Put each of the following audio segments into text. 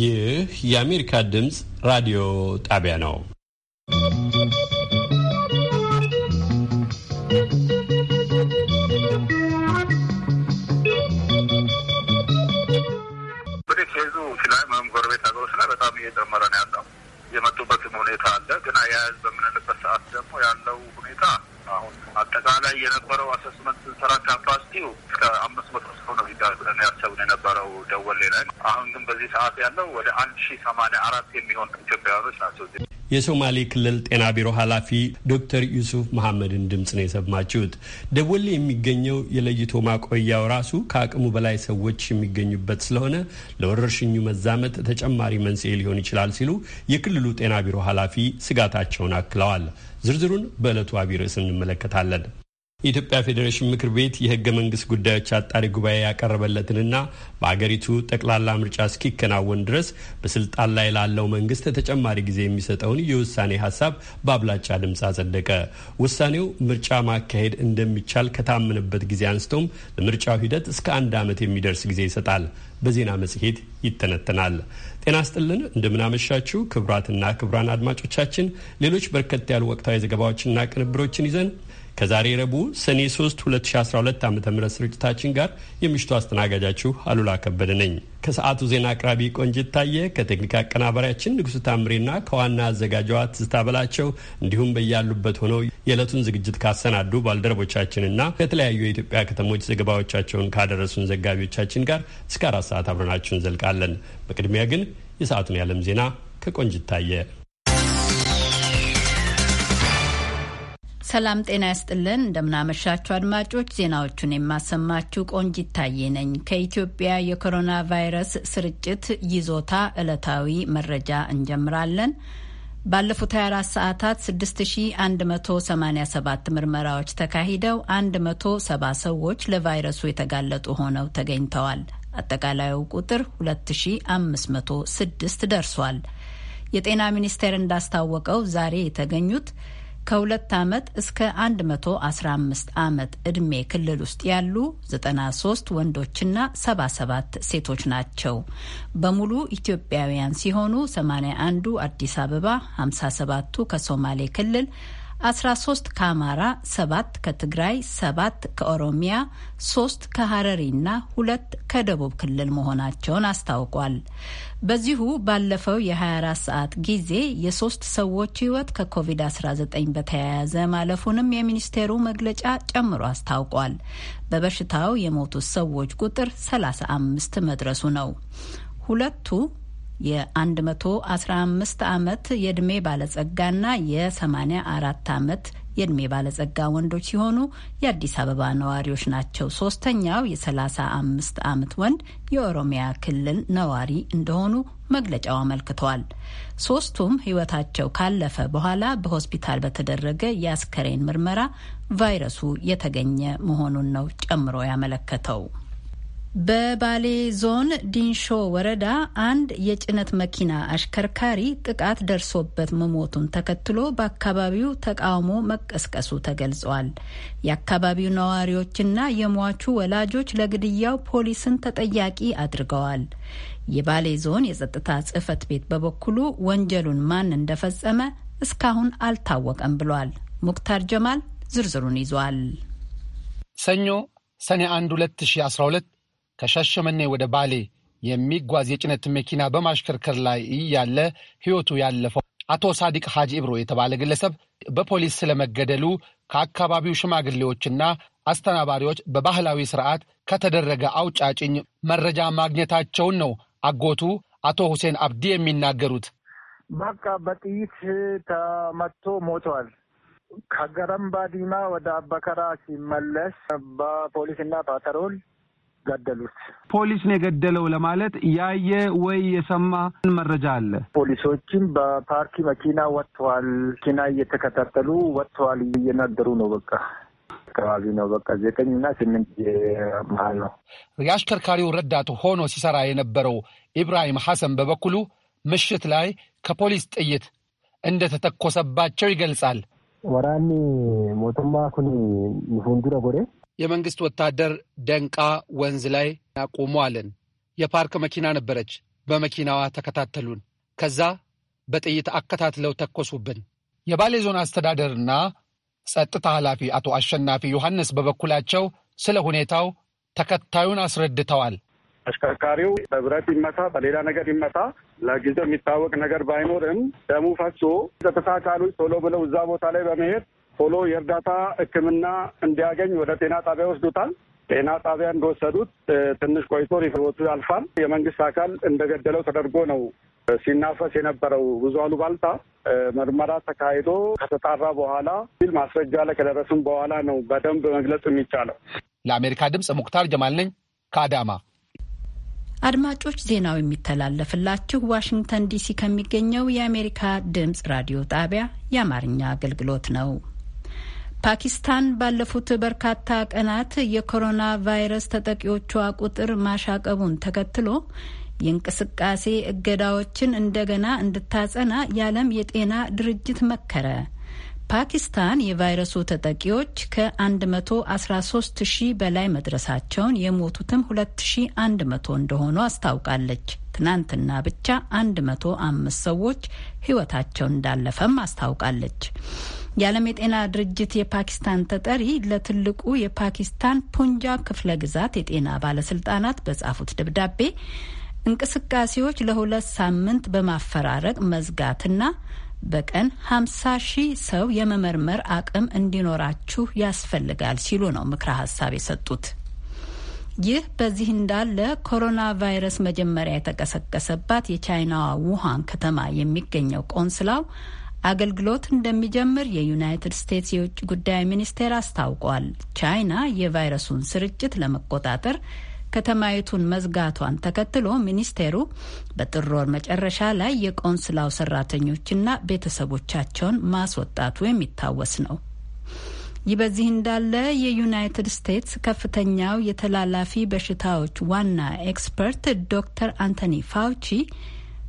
ይህ የአሜሪካ ድምፅ ራዲዮ ጣቢያ ነው። እንግዲህ ኬዙ ጎረቤት በጣም እየጨመረ ነው ያለው። የመጡበትም ሁኔታ አለ። ግን አያያዝ በምንልበት ሰዓት ደግሞ ያለው ሁኔታ አሁን አጠቃላይ የነበረው አሰስመንት ስንሰራ ካፓሲቲው እስከ አምስት መቶ ሰው ነው ብለን ያሰብን የነበረው ደወሌ ላይ። አሁን ግን በዚህ ሰዓት ያለው ወደ አንድ ሺ ሰማንያ አራት የሚሆን ኢትዮጵያውያኖች ናቸው። የሶማሌ ክልል ጤና ቢሮ ኃላፊ ዶክተር ዩሱፍ መሐመድን ድምፅ ነው የሰማችሁት። ደወሌ የሚገኘው የለይቶ ማቆያው ራሱ ከአቅሙ በላይ ሰዎች የሚገኙበት ስለሆነ ለወረርሽኙ መዛመት ተጨማሪ መንስኤ ሊሆን ይችላል ሲሉ የክልሉ ጤና ቢሮ ኃላፊ ስጋታቸውን አክለዋል። ዝርዝሩን በዕለቱ አቢይ ርዕስ እንመለከታለን። የኢትዮጵያ ፌዴሬሽን ምክር ቤት የህገ መንግስት ጉዳዮች አጣሪ ጉባኤ ያቀረበለትንና በአገሪቱ ጠቅላላ ምርጫ እስኪከናወን ድረስ በስልጣን ላይ ላለው መንግስት ተጨማሪ ጊዜ የሚሰጠውን የውሳኔ ሀሳብ በአብላጫ ድምፅ አጸደቀ። ውሳኔው ምርጫ ማካሄድ እንደሚቻል ከታመነበት ጊዜ አንስቶም ለምርጫው ሂደት እስከ አንድ ዓመት የሚደርስ ጊዜ ይሰጣል። በዜና መጽሔት ይተነተናል። ጤና ስጥልን፣ እንደምናመሻችሁ ክቡራትና ክቡራን አድማጮቻችን ሌሎች በርከት ያሉ ወቅታዊ ዘገባዎችና ቅንብሮችን ይዘን ከዛሬ ረቡዕ ሰኔ 3 2012 ዓ ም ስርጭታችን ጋር የምሽቱ አስተናጋጃችሁ አሉላ ከበደ ነኝ። ከሰዓቱ ዜና አቅራቢ ቆንጅት ታየ፣ ከቴክኒክ አቀናባሪያችን ንጉሥ ታምሬና ከዋና አዘጋጇ ትዝታ በላቸው እንዲሁም በያሉበት ሆነው የዕለቱን ዝግጅት ካሰናዱ ባልደረቦቻችንና ከተለያዩ የኢትዮጵያ ከተሞች ዘገባዎቻቸውን ካደረሱን ዘጋቢዎቻችን ጋር እስከ አራት ሰዓት አብረናችሁን እንዘልቃለን። በቅድሚያ ግን የሰዓቱን የዓለም ዜና ከቆንጅት ታየ ሰላም ጤና ያስጥልን። እንደምናመሻችሁ አድማጮች፣ ዜናዎቹን የማሰማችሁ ቆንጅ ታዬ ነኝ። ከኢትዮጵያ የኮሮና ቫይረስ ስርጭት ይዞታ ዕለታዊ መረጃ እንጀምራለን። ባለፉት 24 ሰዓታት 6187 ምርመራዎች ተካሂደው 170 ሰዎች ለቫይረሱ የተጋለጡ ሆነው ተገኝተዋል። አጠቃላዩ ቁጥር 2506 ደርሷል። የጤና ሚኒስቴር እንዳስታወቀው ዛሬ የተገኙት ከሁለት ዓመት እስከ 115 ዓመት ዕድሜ ክልል ውስጥ ያሉ 93 ወንዶችና 77 ሴቶች ናቸው። በሙሉ ኢትዮጵያውያን ሲሆኑ 81ዱ አዲስ አበባ፣ 57ቱ ከሶማሌ ክልል 13 ከአማራ፣ 7 ከትግራይ፣ 7 ከኦሮሚያ፣ 3 ከሐረሪና 2 ከደቡብ ክልል መሆናቸውን አስታውቋል። በዚሁ ባለፈው የ24 ሰዓት ጊዜ የሶስት ሰዎች ህይወት ከኮቪድ-19 በተያያዘ ማለፉንም የሚኒስቴሩ መግለጫ ጨምሮ አስታውቋል። በበሽታው የሞቱት ሰዎች ቁጥር 35 መድረሱ ነው። ሁለቱ የ115 ዓመት የዕድሜ ባለጸጋና የ84 ዓመት የእድሜ ባለጸጋ ወንዶች ሲሆኑ የአዲስ አበባ ነዋሪዎች ናቸው። ሶስተኛው የ35 ዓመት ወንድ የኦሮሚያ ክልል ነዋሪ እንደሆኑ መግለጫው አመልክቷል። ሶስቱም ህይወታቸው ካለፈ በኋላ በሆስፒታል በተደረገ የአስከሬን ምርመራ ቫይረሱ የተገኘ መሆኑን ነው ጨምሮ ያመለከተው። በባሌ ዞን ዲንሾ ወረዳ አንድ የጭነት መኪና አሽከርካሪ ጥቃት ደርሶበት መሞቱን ተከትሎ በአካባቢው ተቃውሞ መቀስቀሱ ተገልጿል። የአካባቢው ነዋሪዎችና የሟቹ ወላጆች ለግድያው ፖሊስን ተጠያቂ አድርገዋል። የባሌ ዞን የጸጥታ ጽህፈት ቤት በበኩሉ ወንጀሉን ማን እንደፈጸመ እስካሁን አልታወቀም ብሏል። ሙክታር ጀማል ዝርዝሩን ይዟል። ሰኞ ሰኔ 1 2012 ከሻሸመኔ ወደ ባሌ የሚጓዝ የጭነት መኪና በማሽከርከር ላይ እያለ ሕይወቱ ያለፈው አቶ ሳዲቅ ሐጂ እብሮ የተባለ ግለሰብ በፖሊስ ስለመገደሉ ከአካባቢው ሽማግሌዎችና አስተናባሪዎች በባህላዊ ስርዓት ከተደረገ አውጫጭኝ መረጃ ማግኘታቸውን ነው አጎቱ አቶ ሁሴን አብዲ የሚናገሩት። በቃ በጥይት ተመቶ ሞቷል። ከገረምባ ዲማ ወደ አበከራ ሲመለስ በፖሊስና ፓትሮል ገደሉት። ፖሊስ ነው የገደለው ለማለት ያየ ወይ የሰማ መረጃ አለ? ፖሊሶችም በፓርኪ መኪና ወጥተዋል፣ መኪና እየተከታተሉ ወጥተዋል፣ እየነገሩ ነው በቃ አካባቢ ነው። በቃ ዘጠኝ እና ስምንት መሀል ነው። የአሽከርካሪው ረዳት ሆኖ ሲሰራ የነበረው ኢብራሂም ሐሰን በበኩሉ ምሽት ላይ ከፖሊስ ጥይት እንደተተኮሰባቸው ይገልጻል። ወራኒ ሞቶማ ኩኒ ንፉንዱረ ጎዴ የመንግስት ወታደር ደንቃ ወንዝ ላይ አቆሙ አለን። የፓርክ መኪና ነበረች። በመኪናዋ ተከታተሉን። ከዛ በጥይት አከታትለው ተኮሱብን። የባሌ ዞን አስተዳደርና ጸጥታ ኃላፊ አቶ አሸናፊ ዮሐንስ በበኩላቸው ስለ ሁኔታው ተከታዩን አስረድተዋል። አሽከርካሪው በብረት ይመታ በሌላ ነገር ይመታ ለጊዜው የሚታወቅ ነገር ባይኖርም ደሙ ፈሶ ጸጥታ አካሎች ቶሎ ብለው እዛ ቦታ ላይ በመሄድ ቶሎ የእርዳታ ሕክምና እንዲያገኝ ወደ ጤና ጣቢያ ወስዱታል። ጤና ጣቢያ እንደወሰዱት ትንሽ ቆይቶ ሕይወቱ ያልፋል። የመንግስት አካል እንደገደለው ተደርጎ ነው ሲናፈስ የነበረው ብዙ አሉባልታ ምርመራ ተካሂዶ ከተጣራ በኋላ ሲል ማስረጃ ላይ ከደረስም በኋላ ነው በደንብ መግለጽ የሚቻለው። ለአሜሪካ ድምፅ ሙክታር ጀማል ነኝ ከአዳማ። አድማጮች ዜናው የሚተላለፍላችሁ ዋሽንግተን ዲሲ ከሚገኘው የአሜሪካ ድምፅ ራዲዮ ጣቢያ የአማርኛ አገልግሎት ነው። ፓኪስታን ባለፉት በርካታ ቀናት የኮሮና ቫይረስ ተጠቂዎቿ ቁጥር ማሻቀቡን ተከትሎ የእንቅስቃሴ እገዳዎችን እንደገና እንድታጸና የዓለም የጤና ድርጅት መከረ። ፓኪስታን የቫይረሱ ተጠቂዎች ከ113 ሺህ በላይ መድረሳቸውን የሞቱትም 2100 እንደሆኑ አስታውቃለች። ትናንትና ብቻ 105 ሰዎች ሕይወታቸውን እንዳለፈም አስታውቃለች። የዓለም የጤና ድርጅት የፓኪስታን ተጠሪ ለትልቁ የፓኪስታን ፑንጃብ ክፍለ ግዛት የጤና ባለስልጣናት በጻፉት ደብዳቤ እንቅስቃሴዎች ለሁለት ሳምንት በማፈራረቅ መዝጋትና በቀን 50 ሺህ ሰው የመመርመር አቅም እንዲኖራችሁ ያስፈልጋል ሲሉ ነው ምክረ ሀሳብ የሰጡት። ይህ በዚህ እንዳለ ኮሮና ቫይረስ መጀመሪያ የተቀሰቀሰባት የቻይናዋ ውሃን ከተማ የሚገኘው ቆንስላው አገልግሎት እንደሚጀምር የዩናይትድ ስቴትስ የውጭ ጉዳይ ሚኒስቴር አስታውቋል። ቻይና የቫይረሱን ስርጭት ለመቆጣጠር ከተማይቱን መዝጋቷን ተከትሎ ሚኒስቴሩ በጥር ወር መጨረሻ ላይ የቆንስላው ሰራተኞችና ቤተሰቦቻቸውን ማስወጣቱ የሚታወስ ነው። ይህ በዚህ እንዳለ የዩናይትድ ስቴትስ ከፍተኛው የተላላፊ በሽታዎች ዋና ኤክስፐርት ዶክተር አንቶኒ ፋውቺ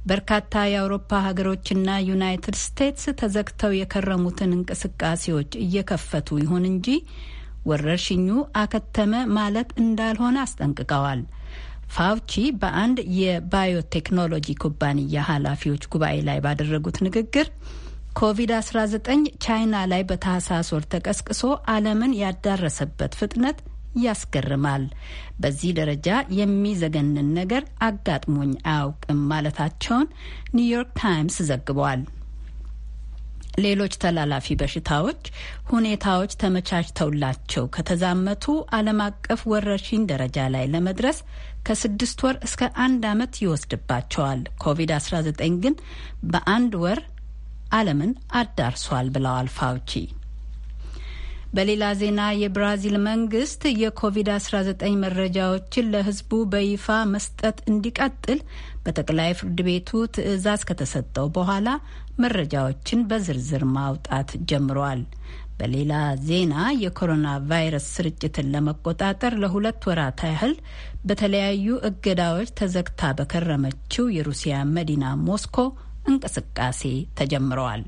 በርካታ የአውሮፓ ሀገሮችና ዩናይትድ ስቴትስ ተዘግተው የከረሙትን እንቅስቃሴዎች እየከፈቱ ይሁን እንጂ ወረርሽኙ አከተመ ማለት እንዳልሆነ አስጠንቅቀዋል። ፋውቺ በአንድ የባዮቴክኖሎጂ ኩባንያ ኃላፊዎች ጉባኤ ላይ ባደረጉት ንግግር ኮቪድ-19 ቻይና ላይ በታህሳስ ወር ተቀስቅሶ ዓለምን ያዳረሰበት ፍጥነት ያስገርማል። በዚህ ደረጃ የሚዘገንን ነገር አጋጥሞኝ አያውቅም ማለታቸውን ኒውዮርክ ታይምስ ዘግቧል። ሌሎች ተላላፊ በሽታዎች ሁኔታዎች ተመቻችተውላቸው ከተዛመቱ ዓለም አቀፍ ወረርሽኝ ደረጃ ላይ ለመድረስ ከስድስት ወር እስከ አንድ ዓመት ይወስድባቸዋል። ኮቪድ-19 ግን በአንድ ወር ዓለምን አዳርሷል ብለዋል ፋውቺ። በሌላ ዜና የብራዚል መንግስት የኮቪድ-19 መረጃዎችን ለህዝቡ በይፋ መስጠት እንዲቀጥል በጠቅላይ ፍርድ ቤቱ ትዕዛዝ ከተሰጠው በኋላ መረጃዎችን በዝርዝር ማውጣት ጀምሯል። በሌላ ዜና የኮሮና ቫይረስ ስርጭትን ለመቆጣጠር ለሁለት ወራት ያህል በተለያዩ እገዳዎች ተዘግታ በከረመችው የሩሲያ መዲና ሞስኮ እንቅስቃሴ ተጀምረዋል።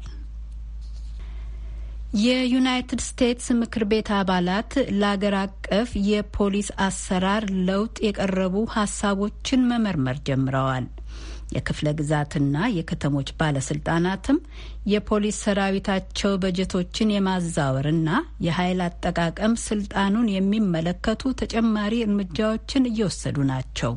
የዩናይትድ ስቴትስ ምክር ቤት አባላት ለአገር አቀፍ የፖሊስ አሰራር ለውጥ የቀረቡ ሀሳቦችን መመርመር ጀምረዋል። የክፍለ ግዛትና የከተሞች ባለስልጣናትም የፖሊስ ሰራዊታቸው በጀቶችን የማዛወርና የኃይል አጠቃቀም ስልጣኑን የሚመለከቱ ተጨማሪ እርምጃዎችን እየወሰዱ ናቸው።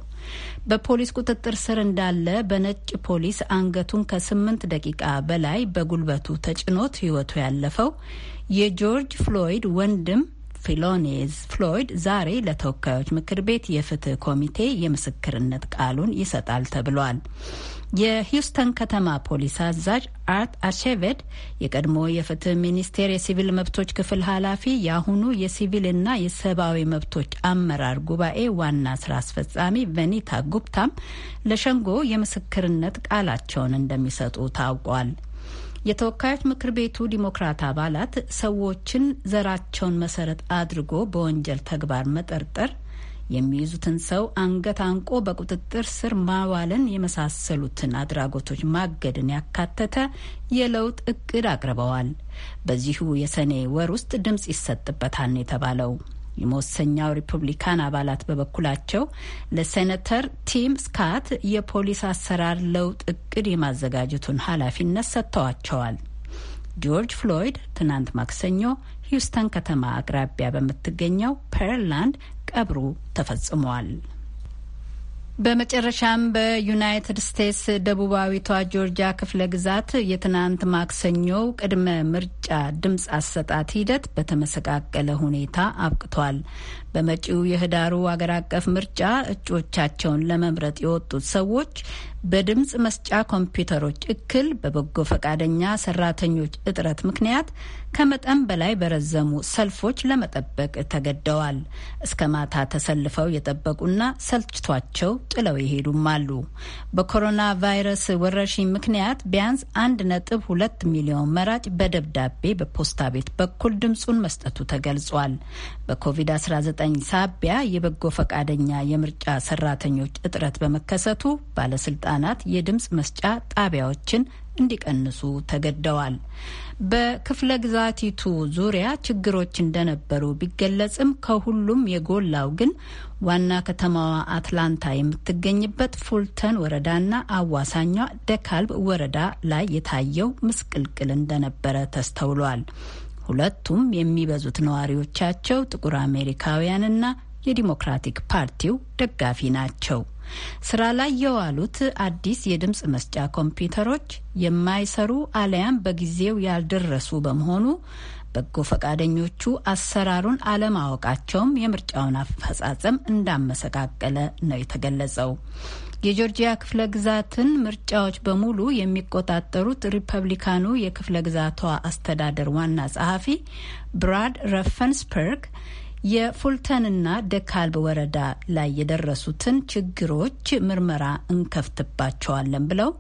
በፖሊስ ቁጥጥር ስር እንዳለ በነጭ ፖሊስ አንገቱን ከስምንት ደቂቃ በላይ በጉልበቱ ተጭኖት ሕይወቱ ያለፈው የጆርጅ ፍሎይድ ወንድም ፊሎኔዝ ፍሎይድ ዛሬ ለተወካዮች ምክር ቤት የፍትህ ኮሚቴ የምስክርነት ቃሉን ይሰጣል ተብሏል። የሂውስተን ከተማ ፖሊስ አዛዥ አርት አርሼቬድ የቀድሞ የፍትህ ሚኒስቴር የሲቪል መብቶች ክፍል ኃላፊ የአሁኑ የሲቪልና የሰብአዊ መብቶች አመራር ጉባኤ ዋና ስራ አስፈጻሚ ቬኒታ ጉፕታም ለሸንጎ የምስክርነት ቃላቸውን እንደሚሰጡ ታውቋል። የተወካዮች ምክር ቤቱ ዲሞክራት አባላት ሰዎችን ዘራቸውን መሰረት አድርጎ በወንጀል ተግባር መጠርጠር የሚይዙትን ሰው አንገት አንቆ በቁጥጥር ስር ማዋልን የመሳሰሉትን አድራጎቶች ማገድን ያካተተ የለውጥ እቅድ አቅርበዋል። በዚሁ የሰኔ ወር ውስጥ ድምጽ ይሰጥበታል የተባለው። የመወሰኛው ሪፑብሊካን አባላት በበኩላቸው ለሴኔተር ቲም ስካት የፖሊስ አሰራር ለውጥ እቅድ የማዘጋጀቱን ኃላፊነት ሰጥተዋቸዋል። ጆርጅ ፍሎይድ ትናንት ማክሰኞ ሂውስተን ከተማ አቅራቢያ በምትገኘው ፐርላንድ ቀብሩ ተፈጽሟል። በመጨረሻም በዩናይትድ ስቴትስ ደቡባዊቷ ጆርጂያ ክፍለ ግዛት የትናንት ማክሰኞ ቅድመ ምርጫ ድምፅ አሰጣት ሂደት በተመሰቃቀለ ሁኔታ አብቅቷል። በመጪው የህዳሩ አገር አቀፍ ምርጫ እጩዎቻቸውን ለመምረጥ የወጡት ሰዎች በድምፅ መስጫ ኮምፒውተሮች እክል፣ በበጎ ፈቃደኛ ሰራተኞች እጥረት ምክንያት ከመጠን በላይ በረዘሙ ሰልፎች ለመጠበቅ ተገደዋል። እስከ ማታ ተሰልፈው የጠበቁና ሰልችቷቸው ጥለው ይሄዱም አሉ። በኮሮና ቫይረስ ወረርሽኝ ምክንያት ቢያንስ አንድ ነጥብ ሁለት ሚሊዮን መራጭ በደብዳቤ በፖስታ ቤት በኩል ድምፁን መስጠቱ ተገልጿል። በኮቪድ-19 ሳቢያ የበጎ ፈቃደኛ የምርጫ ሰራተኞች እጥረት በመከሰቱ ባለስልጣናት የድምፅ መስጫ ጣቢያዎችን እንዲቀንሱ ተገደዋል። በክፍለ ግዛቲቱ ዙሪያ ችግሮች እንደነበሩ ቢገለጽም ከሁሉም የጎላው ግን ዋና ከተማዋ አትላንታ የምትገኝበት ፉልተን ወረዳና አዋሳኛ ደካልብ ወረዳ ላይ የታየው ምስቅልቅል እንደነበረ ተስተውሏል። ሁለቱም የሚበዙት ነዋሪዎቻቸው ጥቁር አሜሪካውያንና የዲሞክራቲክ ፓርቲው ደጋፊ ናቸው። ስራ ላይ የዋሉት አዲስ የድምፅ መስጫ ኮምፒውተሮች የማይሰሩ አለያም በጊዜው ያልደረሱ በመሆኑ በጎ ፈቃደኞቹ አሰራሩን አለማወቃቸውም የምርጫውን አፈጻጸም እንዳመሰቃቀለ ነው የተገለጸው። የጆርጂያ ክፍለ ግዛትን ምርጫዎች በሙሉ የሚቆጣጠሩት ሪፐብሊካኑ የክፍለ ግዛቷ አስተዳደር ዋና ጸሐፊ ብራድ ረፈንስፐርግ የፉልተንና ደካልብ ወረዳ ላይ የደረሱትን ችግሮች ምርመራ እንከፍትባቸዋለን ብለው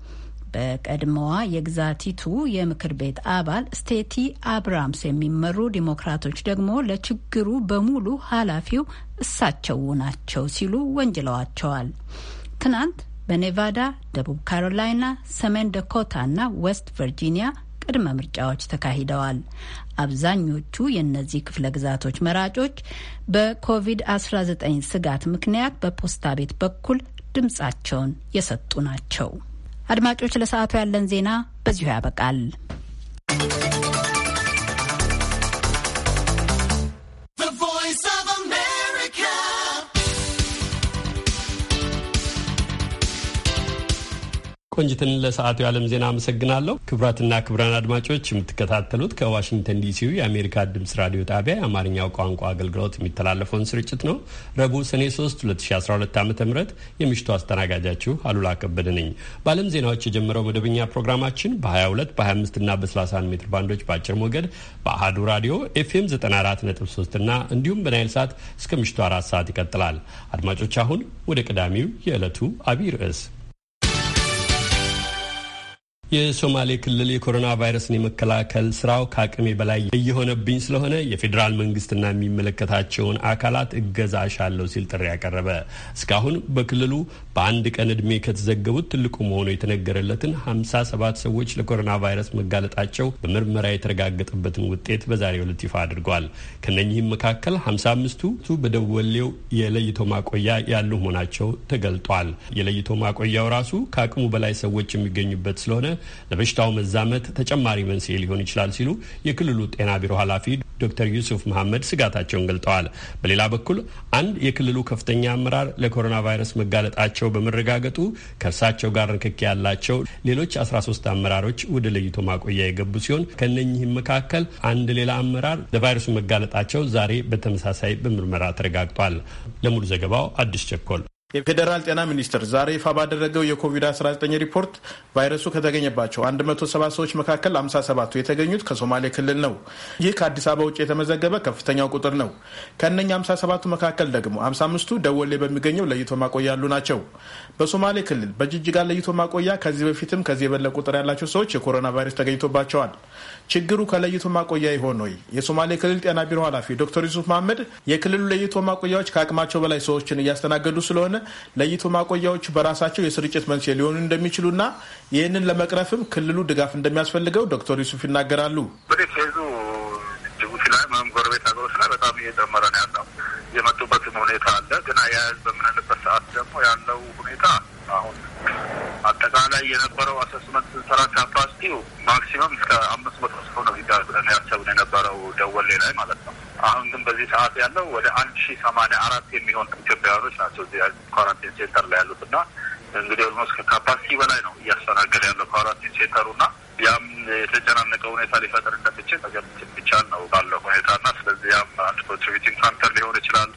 በቀድሞዋ የግዛቲቱ የምክር ቤት አባል ስቴቲ አብራምስ የሚመሩ ዲሞክራቶች ደግሞ ለችግሩ በሙሉ ኃላፊው እሳቸው ናቸው ሲሉ ወንጅለዋቸዋል። ትናንት በኔቫዳ፣ ደቡብ ካሮላይና፣ ሰሜን ደኮታ እና ዌስት ቨርጂኒያ ቅድመ ምርጫዎች ተካሂደዋል። አብዛኞቹ የእነዚህ ክፍለ ግዛቶች መራጮች በኮቪድ-19 ስጋት ምክንያት በፖስታ ቤት በኩል ድምጻቸውን የሰጡ ናቸው። አድማጮች፣ ለሰዓቱ ያለን ዜና በዚሁ ያበቃል። ቆንጅትን ለሰዓቱ የዓለም ዜና አመሰግናለሁ። ክቡራትና ክቡራን አድማጮች የምትከታተሉት ከዋሽንግተን ዲሲው የአሜሪካ ድምጽ ራዲዮ ጣቢያ የአማርኛው ቋንቋ አገልግሎት የሚተላለፈውን ስርጭት ነው። ረቡዕ ሰኔ 3 2012 ዓ ም የምሽቱ አስተናጋጃችሁ አሉላ ከበደ ነኝ። በዓለም ዜናዎች የጀመረው መደበኛ ፕሮግራማችን በ22 በ25 እና በ31 ሜትር ባንዶች በአጭር ሞገድ በአህዱ ራዲዮ ኤፍኤም 943 እና እንዲሁም በናይል ሰዓት እስከ ምሽቱ አራት ሰዓት ይቀጥላል። አድማጮች አሁን ወደ ቀዳሚው የዕለቱ አቢይ ርዕስ የሶማሌ ክልል የኮሮና ቫይረስን የመከላከል ስራው ከአቅሜ በላይ እየሆነብኝ ስለሆነ የፌዴራል መንግስትና የሚመለከታቸውን አካላት እገዛ እሻለሁ ሲል ጥሪ ያቀረበ እስካሁን በክልሉ በአንድ ቀን እድሜ ከተዘገቡት ትልቁ መሆኑ የተነገረለትን ሀምሳ ሰባት ሰዎች ለኮሮና ቫይረስ መጋለጣቸው በምርመራ የተረጋገጠበትን ውጤት በዛሬው ዕለት ይፋ አድርጓል። ከነኚህም መካከል ሀምሳ አምስቱ በደወሌው የለይቶ ማቆያ ያሉ መሆናቸው ተገልጧል። የለይቶ ማቆያው ራሱ ከአቅሙ በላይ ሰዎች የሚገኙበት ስለሆነ ለበሽታው መዛመት ተጨማሪ መንስኤ ሊሆን ይችላል ሲሉ የክልሉ ጤና ቢሮ ኃላፊ ዶክተር ዩሱፍ መሐመድ ስጋታቸውን ገልጠዋል። በሌላ በኩል አንድ የክልሉ ከፍተኛ አመራር ለኮሮና ቫይረስ መጋለጣቸው በመረጋገጡ ከእርሳቸው ጋር ንክኪ ያላቸው ሌሎች 13 አመራሮች ወደ ለይቶ ማቆያ የገቡ ሲሆን ከነኚህም መካከል አንድ ሌላ አመራር ለቫይረሱ መጋለጣቸው ዛሬ በተመሳሳይ በምርመራ ተረጋግጧል። ለሙሉ ዘገባው አዲስ ቸኮል የፌዴራል ጤና ሚኒስቴር ዛሬ ይፋ ባደረገው የኮቪድ-19 ሪፖርት ቫይረሱ ከተገኘባቸው 170 ሰዎች መካከል 57ቱ የተገኙት ከሶማሌ ክልል ነው። ይህ ከአዲስ አበባ ውጭ የተመዘገበ ከፍተኛው ቁጥር ነው። ከእነኛ 57ቱ መካከል ደግሞ 55ቱ ደወሌ በሚገኘው ለይቶ ማቆያሉ ናቸው። በሶማሌ ክልል በጅጅጋ ለይቶ ማቆያ ከዚህ በፊትም ከዚህ የበለ ቁጥር ያላቸው ሰዎች የኮሮና ቫይረስ ተገኝቶባቸዋል። ችግሩ ከለይቶ ማቆያ ይሆን ወይ? የሶማሌ ክልል ጤና ቢሮ ኃላፊ ዶክተር ዩሱፍ መሀመድ የክልሉ ለይቶ ማቆያዎች ከአቅማቸው በላይ ሰዎችን እያስተናገዱ ስለሆነ ለይቶ ማቆያዎቹ በራሳቸው የስርጭት መንስኤ ሊሆኑ እንደሚችሉና ይህንን ለመቅረፍም ክልሉ ድጋፍ እንደሚያስፈልገው ዶክተር ዩሱፍ ይናገራሉ። ጅቡቲ ላይ ጎረቤት ሀገሮች ላይ በጣም እየጨመረ ነው ያለው። የመጡበትም ሁኔታ አለ ግን አያያዝ በምን ሰዓት ደግሞ ያለው ሁኔታ አሁን አጠቃላይ የነበረው አሰስመንት ስንሰራ ካፓሲቲው ማክሲመም እስከ አምስት መቶ ሰው ነው ብለን ያሰብን የነበረው ደወሌ ላይ ማለት ነው። አሁን ግን በዚህ ሰዓት ያለው ወደ አንድ ሺ ሰማንያ አራት የሚሆን ኢትዮጵያውያኖች ናቸው እዚህ ኳራንቲን ሴንተር ላይ ያሉት እና እንግዲህ ኦልሞስት ከካፓሲቲ በላይ ነው እያስተናገደ ያለው ኳራንቲን ሴንተሩ እና ያም የተጨናነቀ ሁኔታ ሊፈጥር እንደሚችል ነገር ብቻ ነው ባለው ሁኔታ እና ስለዚህ ያም አንድ ኮንትሪቢቲንግ ፋክተር ሊሆን ይችላል።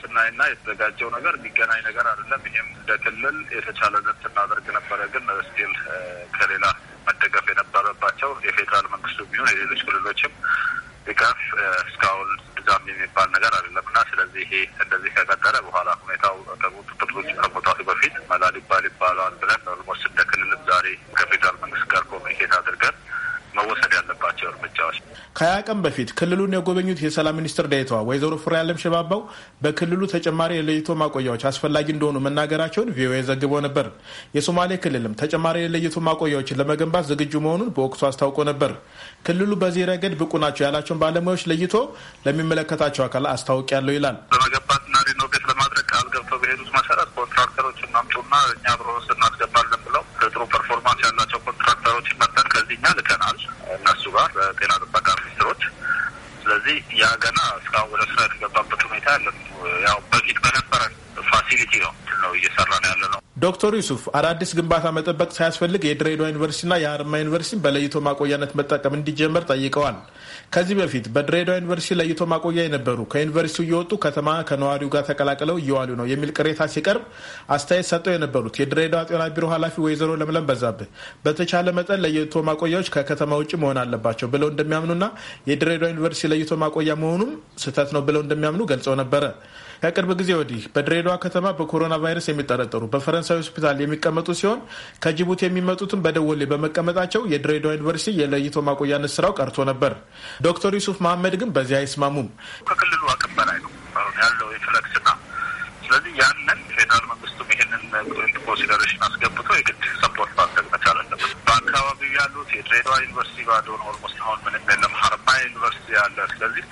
ስናይ ስናይና የተዘጋጀው ነገር የሚገናኝ ነገር አይደለም። ይህም እንደ ክልል የተቻለንን ስናደርግ ነበረ። ግን ስቲል ከሌላ መደገፍ የነበረባቸው የፌዴራል መንግስቱ ቢሆን የሌሎች ክልሎችም ድጋፍ እስካሁን ድጋም የሚባል ነገር አይደለም እና ስለዚህ ይሄ እንደዚህ ከሀያ ቀን በፊት ክልሉን የጎበኙት የሰላም ሚኒስትር ዴኤታዋ ወይዘሮ አለም ሸባባው በክልሉ ተጨማሪ የለይቶ ማቆያዎች አስፈላጊ እንደሆኑ መናገራቸውን ቪኦኤ ዘግቦ ነበር። የሶማሌ ክልልም ተጨማሪ የለይቶ ማቆያዎችን ለመገንባት ዝግጁ መሆኑን በወቅቱ አስታውቆ ነበር። ክልሉ በዚህ ረገድ ብቁ ናቸው ያላቸውን ባለሙያዎች ለይቶ ለሚመለከታቸው አካል አስታውቅ ያለው ይላል። ለመገንባትና ሪኖቬት ለማድረግ ቃል ገብተው በሄዱት መሰረት ኮንትራክተሮች እናምጡና ተደርጓል በጤና ጥበቃ ሚኒስትሮች። ስለዚህ ያ ገና እስካሁን ወደ ስራ የተገባበት ሁኔታ ያለም ያው በፊት በነበረን ፋሲሊቲ ነው ነው እየሰራ ነው ያለ ነው። ዶክተር ዩሱፍ አዳዲስ ግንባታ መጠበቅ ሳያስፈልግ የድሬዳዋ ዩኒቨርሲቲና የአርማ ዩኒቨርሲቲ በለይቶ ማቆያነት መጠቀም እንዲጀመር ጠይቀዋል። ከዚህ በፊት በድሬዳዋ ዩኒቨርሲቲ ለይቶ ማቆያ የነበሩ ከዩኒቨርሲቲው እየወጡ ከተማ ከነዋሪው ጋር ተቀላቅለው እየዋሉ ነው የሚል ቅሬታ ሲቀርብ አስተያየት ሰጠው የነበሩት የድሬዳዋ ጤና ቢሮ ኃላፊ ወይዘሮ ለምለም በዛብህ በተቻለ መጠን ለይቶ ማቆያዎች ከከተማ ውጭ መሆን አለባቸው ብለው እንደሚያምኑና የድሬዳዋ ዩኒቨርሲቲ ለይቶ ማቆያ መሆኑም ስህተት ነው ብለው እንደሚያምኑ ገልጸው ነበረ። ከቅርብ ጊዜ ወዲህ በድሬዳዋ ከተማ በኮሮና ቫይረስ የሚጠረጠሩ በፈረንሳይ ሆስፒታል የሚቀመጡ ሲሆን ከጅቡቲ የሚመጡትም በደወሌ በመቀመጣቸው የድሬዳዋ ዩኒቨርሲቲ የለይቶ ማቆያነት ስራው ቀርቶ ነበር። ዶክተር ዩሱፍ መሀመድ ግን በዚህ አይስማሙም። ከክልሉ አቅም በላይ ነው ያለው የፍለክስና ስለዚህ ያንን ፌዴራል መንግስቱም ይህንን ኮንሲደሬሽን አስገብቶ የግድ ሰፖርት አካባቢ ያሉት የድሬዳዋ ዩኒቨርሲቲ ባዶን ኦልሞስት አሁን ምንም የለም። ሀርባ ዩኒቨርሲቲ አለ። ስለዚህ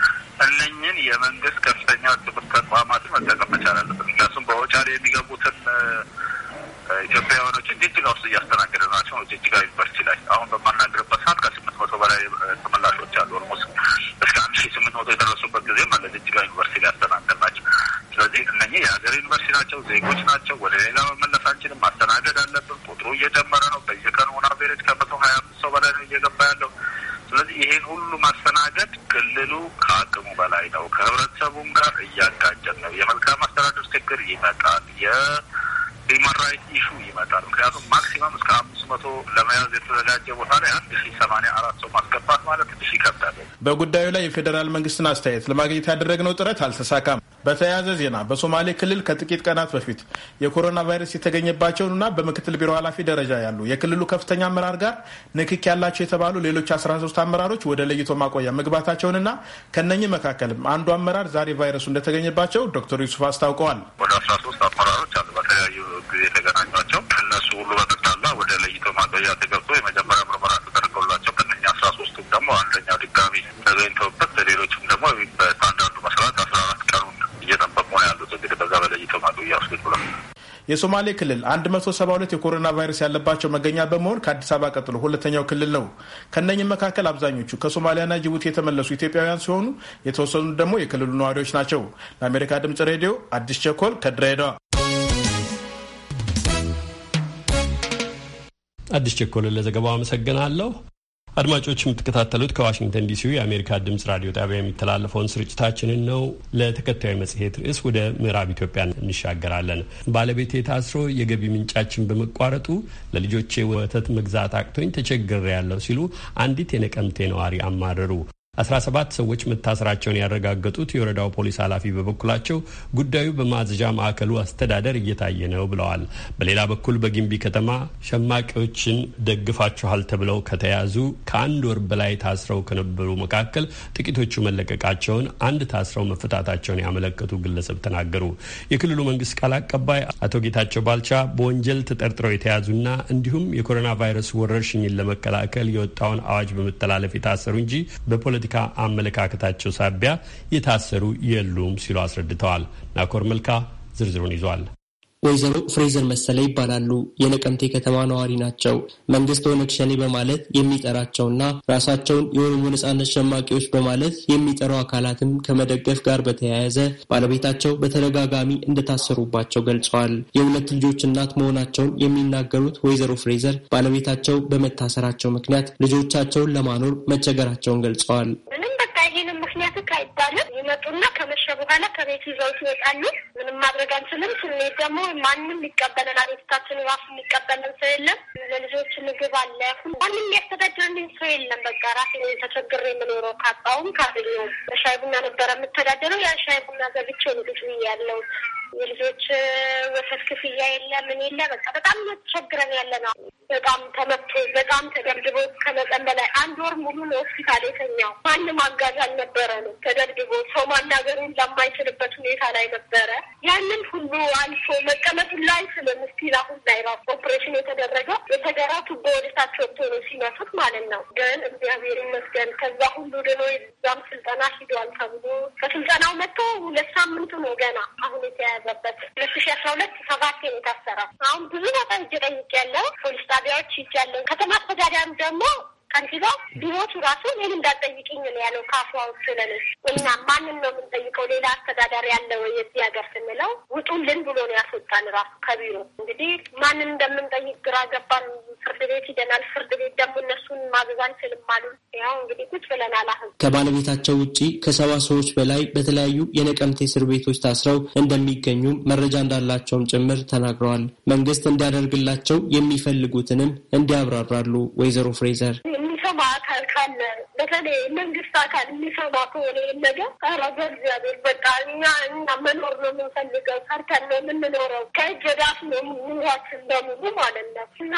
እነኝን የመንግስት ከፍተኛ ትምህርት ተቋማትን መጠቀም መቻል አለበት። ምክንያቱም በወጫሌ የሚገቡትን ኢትዮጵያውያኖችን ጅጅጋ ውስጥ እያስተናገደ ናቸው። ጅጅጋ ዩኒቨርሲቲ ላይ አሁን በማናገርበት ሰዓት ከስምንት መቶ በላይ ተመላሾች አሉ። ኦልሞስት እስከ አንድ ሺ ስምንት መቶ የደረሱበት ጊዜም አለ ጅጅጋ ዩኒቨርሲቲ ላይ ያስተናገ ስለዚህ እነኚህ የሀገር ዩኒቨርሲቲ ናቸው፣ ዜጎች ናቸው። ወደ ሌላ መመለስ አንችልም። ማስተናገድ አለብን። ቁጥሩ እየጨመረ ነው። በየቀኑ ሆና አቬሬጅ ከመቶ ሀያ አምስት ሰው በላይ ነው እየገባ ያለው። ስለዚህ ይሄን ሁሉ ማስተናገድ ክልሉ ከአቅሙ በላይ ነው። ከህብረተሰቡም ጋር እያጋጨን ነው። የመልካም አስተዳደር ችግር ይመጣል። ሂውማን ራይት ኢሹ ይመጣል። ምክንያቱም ማክሲመም እስከ አምስት መቶ ለመያዝ የተዘጋጀ ቦታ ላይ አንድ ሺ ሰማንያ አራት ሰው ማስገባት ማለት ትንሽ ይከብዳል። በጉዳዩ ላይ የፌዴራል መንግስትን አስተያየት ለማግኘት ያደረግነው ጥረት አልተሳካም። በተያያዘ ዜና በሶማሌ ክልል ከጥቂት ቀናት በፊት የኮሮና ቫይረስ የተገኘባቸውንና በምክትል ቢሮ ኃላፊ ደረጃ ያሉ የክልሉ ከፍተኛ አመራር ጋር ንክክ ያላቸው የተባሉ ሌሎች 13 አመራሮች ወደ ለይቶ ማቆያ መግባታቸውንና ከነኚህ መካከልም አንዱ አመራር ዛሬ ቫይረሱ እንደተገኘባቸው ዶክተር ዩሱፍ አስታውቀዋል። ወደ 13 አመራሮች አሉ በተለያዩ ጊዜ የተገናኟቸው እነሱ ሁሉ በጠቅላላ ወደ ለይቶ ማቆያ ተገብቶ የመጀመሪያ ምርመራ የሶማሌ ክልል 172 የኮሮና ቫይረስ ያለባቸው መገኛ በመሆን ከአዲስ አበባ ቀጥሎ ሁለተኛው ክልል ነው። ከእነኝም መካከል አብዛኞቹ ከሶማሊያና ጅቡቲ የተመለሱ ኢትዮጵያውያን ሲሆኑ የተወሰኑት ደግሞ የክልሉ ነዋሪዎች ናቸው። ለአሜሪካ ድምጽ ሬዲዮ አዲስ ቸኮል ከድሬዳዋ። አዲስ ቸኮልን ለዘገባው አመሰግናለሁ። አድማጮች የምትከታተሉት ከዋሽንግተን ዲሲ የአሜሪካ ድምጽ ራዲዮ ጣቢያ የሚተላለፈውን ስርጭታችንን ነው። ለተከታዩ መጽሔት ርዕስ ወደ ምዕራብ ኢትዮጵያ እንሻገራለን። ባለቤቴ ታስሮ የገቢ ምንጫችን በመቋረጡ ለልጆቼ ወተት መግዛት አቅቶኝ ተቸግሬ ያለው ሲሉ አንዲት የነቀምቴ ነዋሪ አማረሩ። 17 ሰዎች መታሰራቸውን ያረጋገጡት የወረዳው ፖሊስ ኃላፊ በበኩላቸው ጉዳዩ በማዘዣ ማዕከሉ አስተዳደር እየታየ ነው ብለዋል። በሌላ በኩል በጊምቢ ከተማ ሸማቂዎችን ደግፋችኋል ተብለው ከተያዙ ከአንድ ወር በላይ ታስረው ከነበሩ መካከል ጥቂቶቹ መለቀቃቸውን፣ አንድ ታስረው መፈታታቸውን ያመለከቱ ግለሰብ ተናገሩ። የክልሉ መንግስት ቃል አቀባይ አቶ ጌታቸው ባልቻ በወንጀል ተጠርጥረው የተያዙና እንዲሁም የኮሮና ቫይረስ ወረርሽኝን ለመከላከል የወጣውን አዋጅ በመተላለፍ የታሰሩ እንጂ በፖለቲ የፖለቲካ አመለካከታቸው ሳቢያ የታሰሩ የሉም ሲሉ አስረድተዋል። ናኮር መልካ ዝርዝሩን ይዟል። ወይዘሮ ፍሬዘር መሰለ ይባላሉ። የነቀምቴ ከተማ ነዋሪ ናቸው። መንግስት ኦነግ ሸኔ በማለት የሚጠራቸውና ራሳቸውን የኦሮሞ ነጻነት ሸማቂዎች በማለት የሚጠሩ አካላትም ከመደገፍ ጋር በተያያዘ ባለቤታቸው በተደጋጋሚ እንደታሰሩባቸው ገልጸዋል። የሁለት ልጆች እናት መሆናቸውን የሚናገሩት ወይዘሮ ፍሬዘር ባለቤታቸው በመታሰራቸው ምክንያት ልጆቻቸውን ለማኖር መቸገራቸውን ገልጸዋል። ምንም በቃ ይህንም ምክንያት አይባልም። ይመጡና ከመሸ በኋላ ከቤት ይዘውት ይወጣሉ። ምንም ማድረግ አልችልም። ስሜት ደግሞ ማንም ሊቀበለን አቤቱታችን ራሱ የሚቀበለን ሰው የለም። ለልጆች ምግብ አለ፣ ማንም የሚያስተዳድርልኝ ሰው የለም። በቃ ራሴ ተቸግሬ የምኖረው ካጣውም ካገኘው በሻይ ቡና ነበረ የምተዳደረው። ያ ሻይ ቡና ገብቼ ልጆች ያለው የልጆች ወሰድ ክፍያ የለ ምን የለ። በቃ በጣም እየተቸግረን ያለ ነው። በጣም ተመቶ በጣም ተደብድቦ ከመጠን በላይ አንድ ወር ሙሉ ለሆስፒታል የተኛው ማንም አጋዥ አልነበረ ነው። ተደብድቦ ሰው ማናገሩን ለማይችልበት ሁኔታ ላይ ነበረ። ያንን ሁሉ አልፎ መቀመጡ ላይ ስለምስቲል አሁን ላይ ራሱ ኦፕሬሽን የተደረገው የተገራ ቱቦ ወደታቸው ወጥቶ ነው ሲመቱት ማለት ነው። ግን እግዚአብሔር ይመስገን ከዛ ሁሉ ድኖ የዛም ስልጠና ሂዷል ተብሎ ከስልጠናው መጥቶ ሁለት ሳምንቱ ነው ገና አሁን የተያዘ ነበር። ሁለት ሺ አስራ ሁለት ሰባት የታሰራ አሁን ብዙ ነገር እጅ ያለው ፖሊስ ጣቢያዎች ይጃለን ከተማ አስተዳዳሪ ደግሞ ከንቲባ ቢሞቱ ራሱ ይህን እንዳጠይቅኝ ነው ያለው። ካፉ አውስለን እና ማንን ነው የምንጠይቀው? ሌላ አስተዳዳሪ ያለ ወይ የዚህ ሀገር ስንለው ውጡልን ብሎ ነው ያስወጣን ራሱ ከቢሮ። እንግዲህ ማንን እንደምንጠይቅ ግራ ገባን። ፍርድ ቤት ሂደናል። ፍርድ ቤት ደግሞ እነሱን ማዘዛን ስልም አሉ። ያው እንግዲህ ቁጭ ብለናል። አሁን ከባለቤታቸው ውጭ ከሰባ ሰዎች በላይ በተለያዩ የነቀምቴ እስር ቤቶች ታስረው እንደሚገኙም መረጃ እንዳላቸውም ጭምር ተናግረዋል። መንግስት እንዲያደርግላቸው የሚፈልጉትንም እንዲያብራራሉ ወይዘሮ ፍሬዘር የሚሰማ አካል ካለ በተለይ መንግስት አካል የሚሰማ ከሆነ ነገር ኧረ በእግዚአብሔር በቃ እኛ እኛ መኖር ነው የምንፈልገው፣ ሰርተን ነው የምንኖረው፣ ከእጅ ዳፍ ነው ኑሯችን በሙሉ ማለት ነው እና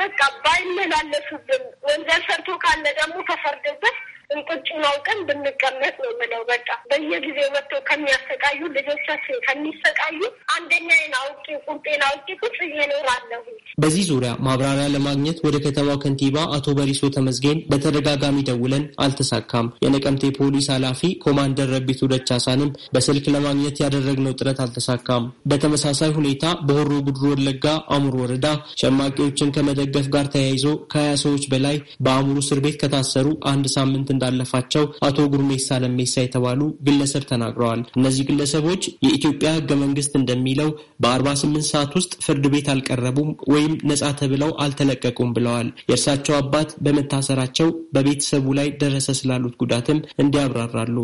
በቃ ባይመላለሱብን ወንጀል ሰርቶ ካለ ደግሞ ተፈርዶበት እንቁጭን አውቀን ብንቀመጥ ነው ምለው። በቃ በየጊዜው መጥቶ ከሚያሰቃዩ ልጆቻችን ከሚሰቃዩ አንደኛዬን አውቄ ቁርጤን አውቄ ቁጭ እየኖራለሁ። በዚህ ዙሪያ ማብራሪያ ለማግኘት ወደ ከተማው ከንቲባ አቶ በሪሶ ተመዝገን በተደጋጋሚ ደውለን አልተሳካም። የነቀምቴ ፖሊስ ኃላፊ ኮማንደር ረቢቱ ደቻሳንም በስልክ ለማግኘት ያደረግነው ጥረት አልተሳካም። በተመሳሳይ ሁኔታ በሆሮ ጉድሮ ወለጋ አሙር ወረዳ ሸማቂዎችን ከመደገፍ ጋር ተያይዞ ከሀያ ሰዎች በላይ በአሙሩ እስር ቤት ከታሰሩ አንድ ሳምንት እንዳለፋቸው አቶ ጉርሜሳ ለሜሳ የተባሉ ግለሰብ ተናግረዋል። እነዚህ ግለሰቦች የኢትዮጵያ ህገ መንግስት እንደሚለው በ48 ሰዓት ውስጥ ፍርድ ቤት አልቀረቡም ወይም ነጻ ተብለው አልተለቀቁም ብለዋል። የእርሳቸው አባት በመታሰራቸው በቤተሰቡ ላይ ደረሰ ስላሉት ጉዳትም እንዲያብራራሉ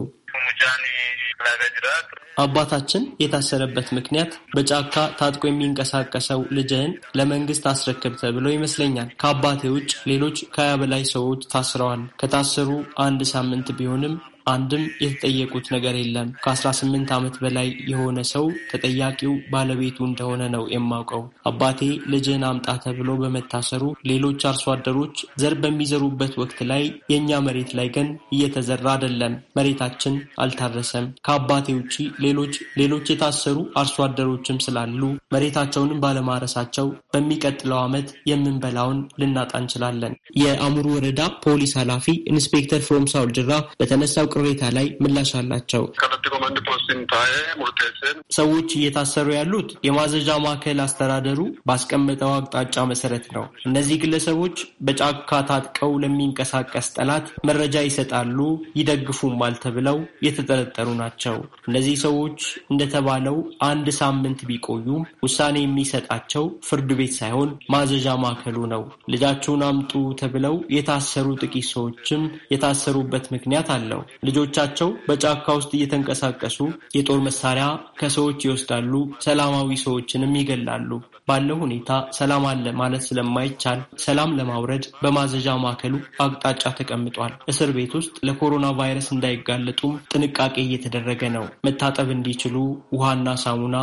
አባታችን የታሰረበት ምክንያት በጫካ ታጥቆ የሚንቀሳቀሰው ልጅህን ለመንግስት አስረክብ ተብሎ ይመስለኛል። ከአባቴ ውጭ ሌሎች ከሀያ በላይ ሰዎች ታስረዋል። ከታሰሩ አንድ ሳምንት ቢሆንም አንድም የተጠየቁት ነገር የለም። ከ ከ18 ዓመት በላይ የሆነ ሰው ተጠያቂው ባለቤቱ እንደሆነ ነው የማውቀው። አባቴ ልጅህን አምጣ ተብሎ በመታሰሩ ሌሎች አርሶ አደሮች ዘር በሚዘሩበት ወቅት ላይ የእኛ መሬት ላይ ግን እየተዘራ አይደለም። መሬታችን አልታረሰም። ከአባቴ ውጪ ሌሎች ሌሎች የታሰሩ አርሶ አደሮችም ስላሉ መሬታቸውንም ባለማረሳቸው በሚቀጥለው ዓመት የምንበላውን ልናጣ እንችላለን። የአሙሩ ወረዳ ፖሊስ ኃላፊ ኢንስፔክተር ፍሮምሳ ሳውል በተነሳው ቅሬታ ላይ ምላሽ አላቸው። ሰዎች እየታሰሩ ያሉት የማዘዣ ማዕከል አስተዳደሩ ባስቀመጠው አቅጣጫ መሰረት ነው። እነዚህ ግለሰቦች በጫካ ታጥቀው ለሚንቀሳቀስ ጠላት መረጃ ይሰጣሉ፣ ይደግፉማል ተብለው የተጠረጠሩ ናቸው። እነዚህ ሰዎች እንደተባለው አንድ ሳምንት ቢቆዩም ውሳኔ የሚሰጣቸው ፍርድ ቤት ሳይሆን ማዘዣ ማዕከሉ ነው። ልጃችሁን አምጡ ተብለው የታሰሩ ጥቂት ሰዎችም የታሰሩበት ምክንያት አለው። ልጆቻቸው በጫካ ውስጥ እየተንቀሳቀሱ የጦር መሳሪያ ከሰዎች ይወስዳሉ፣ ሰላማዊ ሰዎችንም ይገላሉ። ባለው ሁኔታ ሰላም አለ ማለት ስለማይቻል ሰላም ለማውረድ በማዘዣ ማዕከሉ አቅጣጫ ተቀምጧል። እስር ቤት ውስጥ ለኮሮና ቫይረስ እንዳይጋለጡም ጥንቃቄ እየተደረገ ነው። መታጠብ እንዲችሉ ውሃና ሳሙና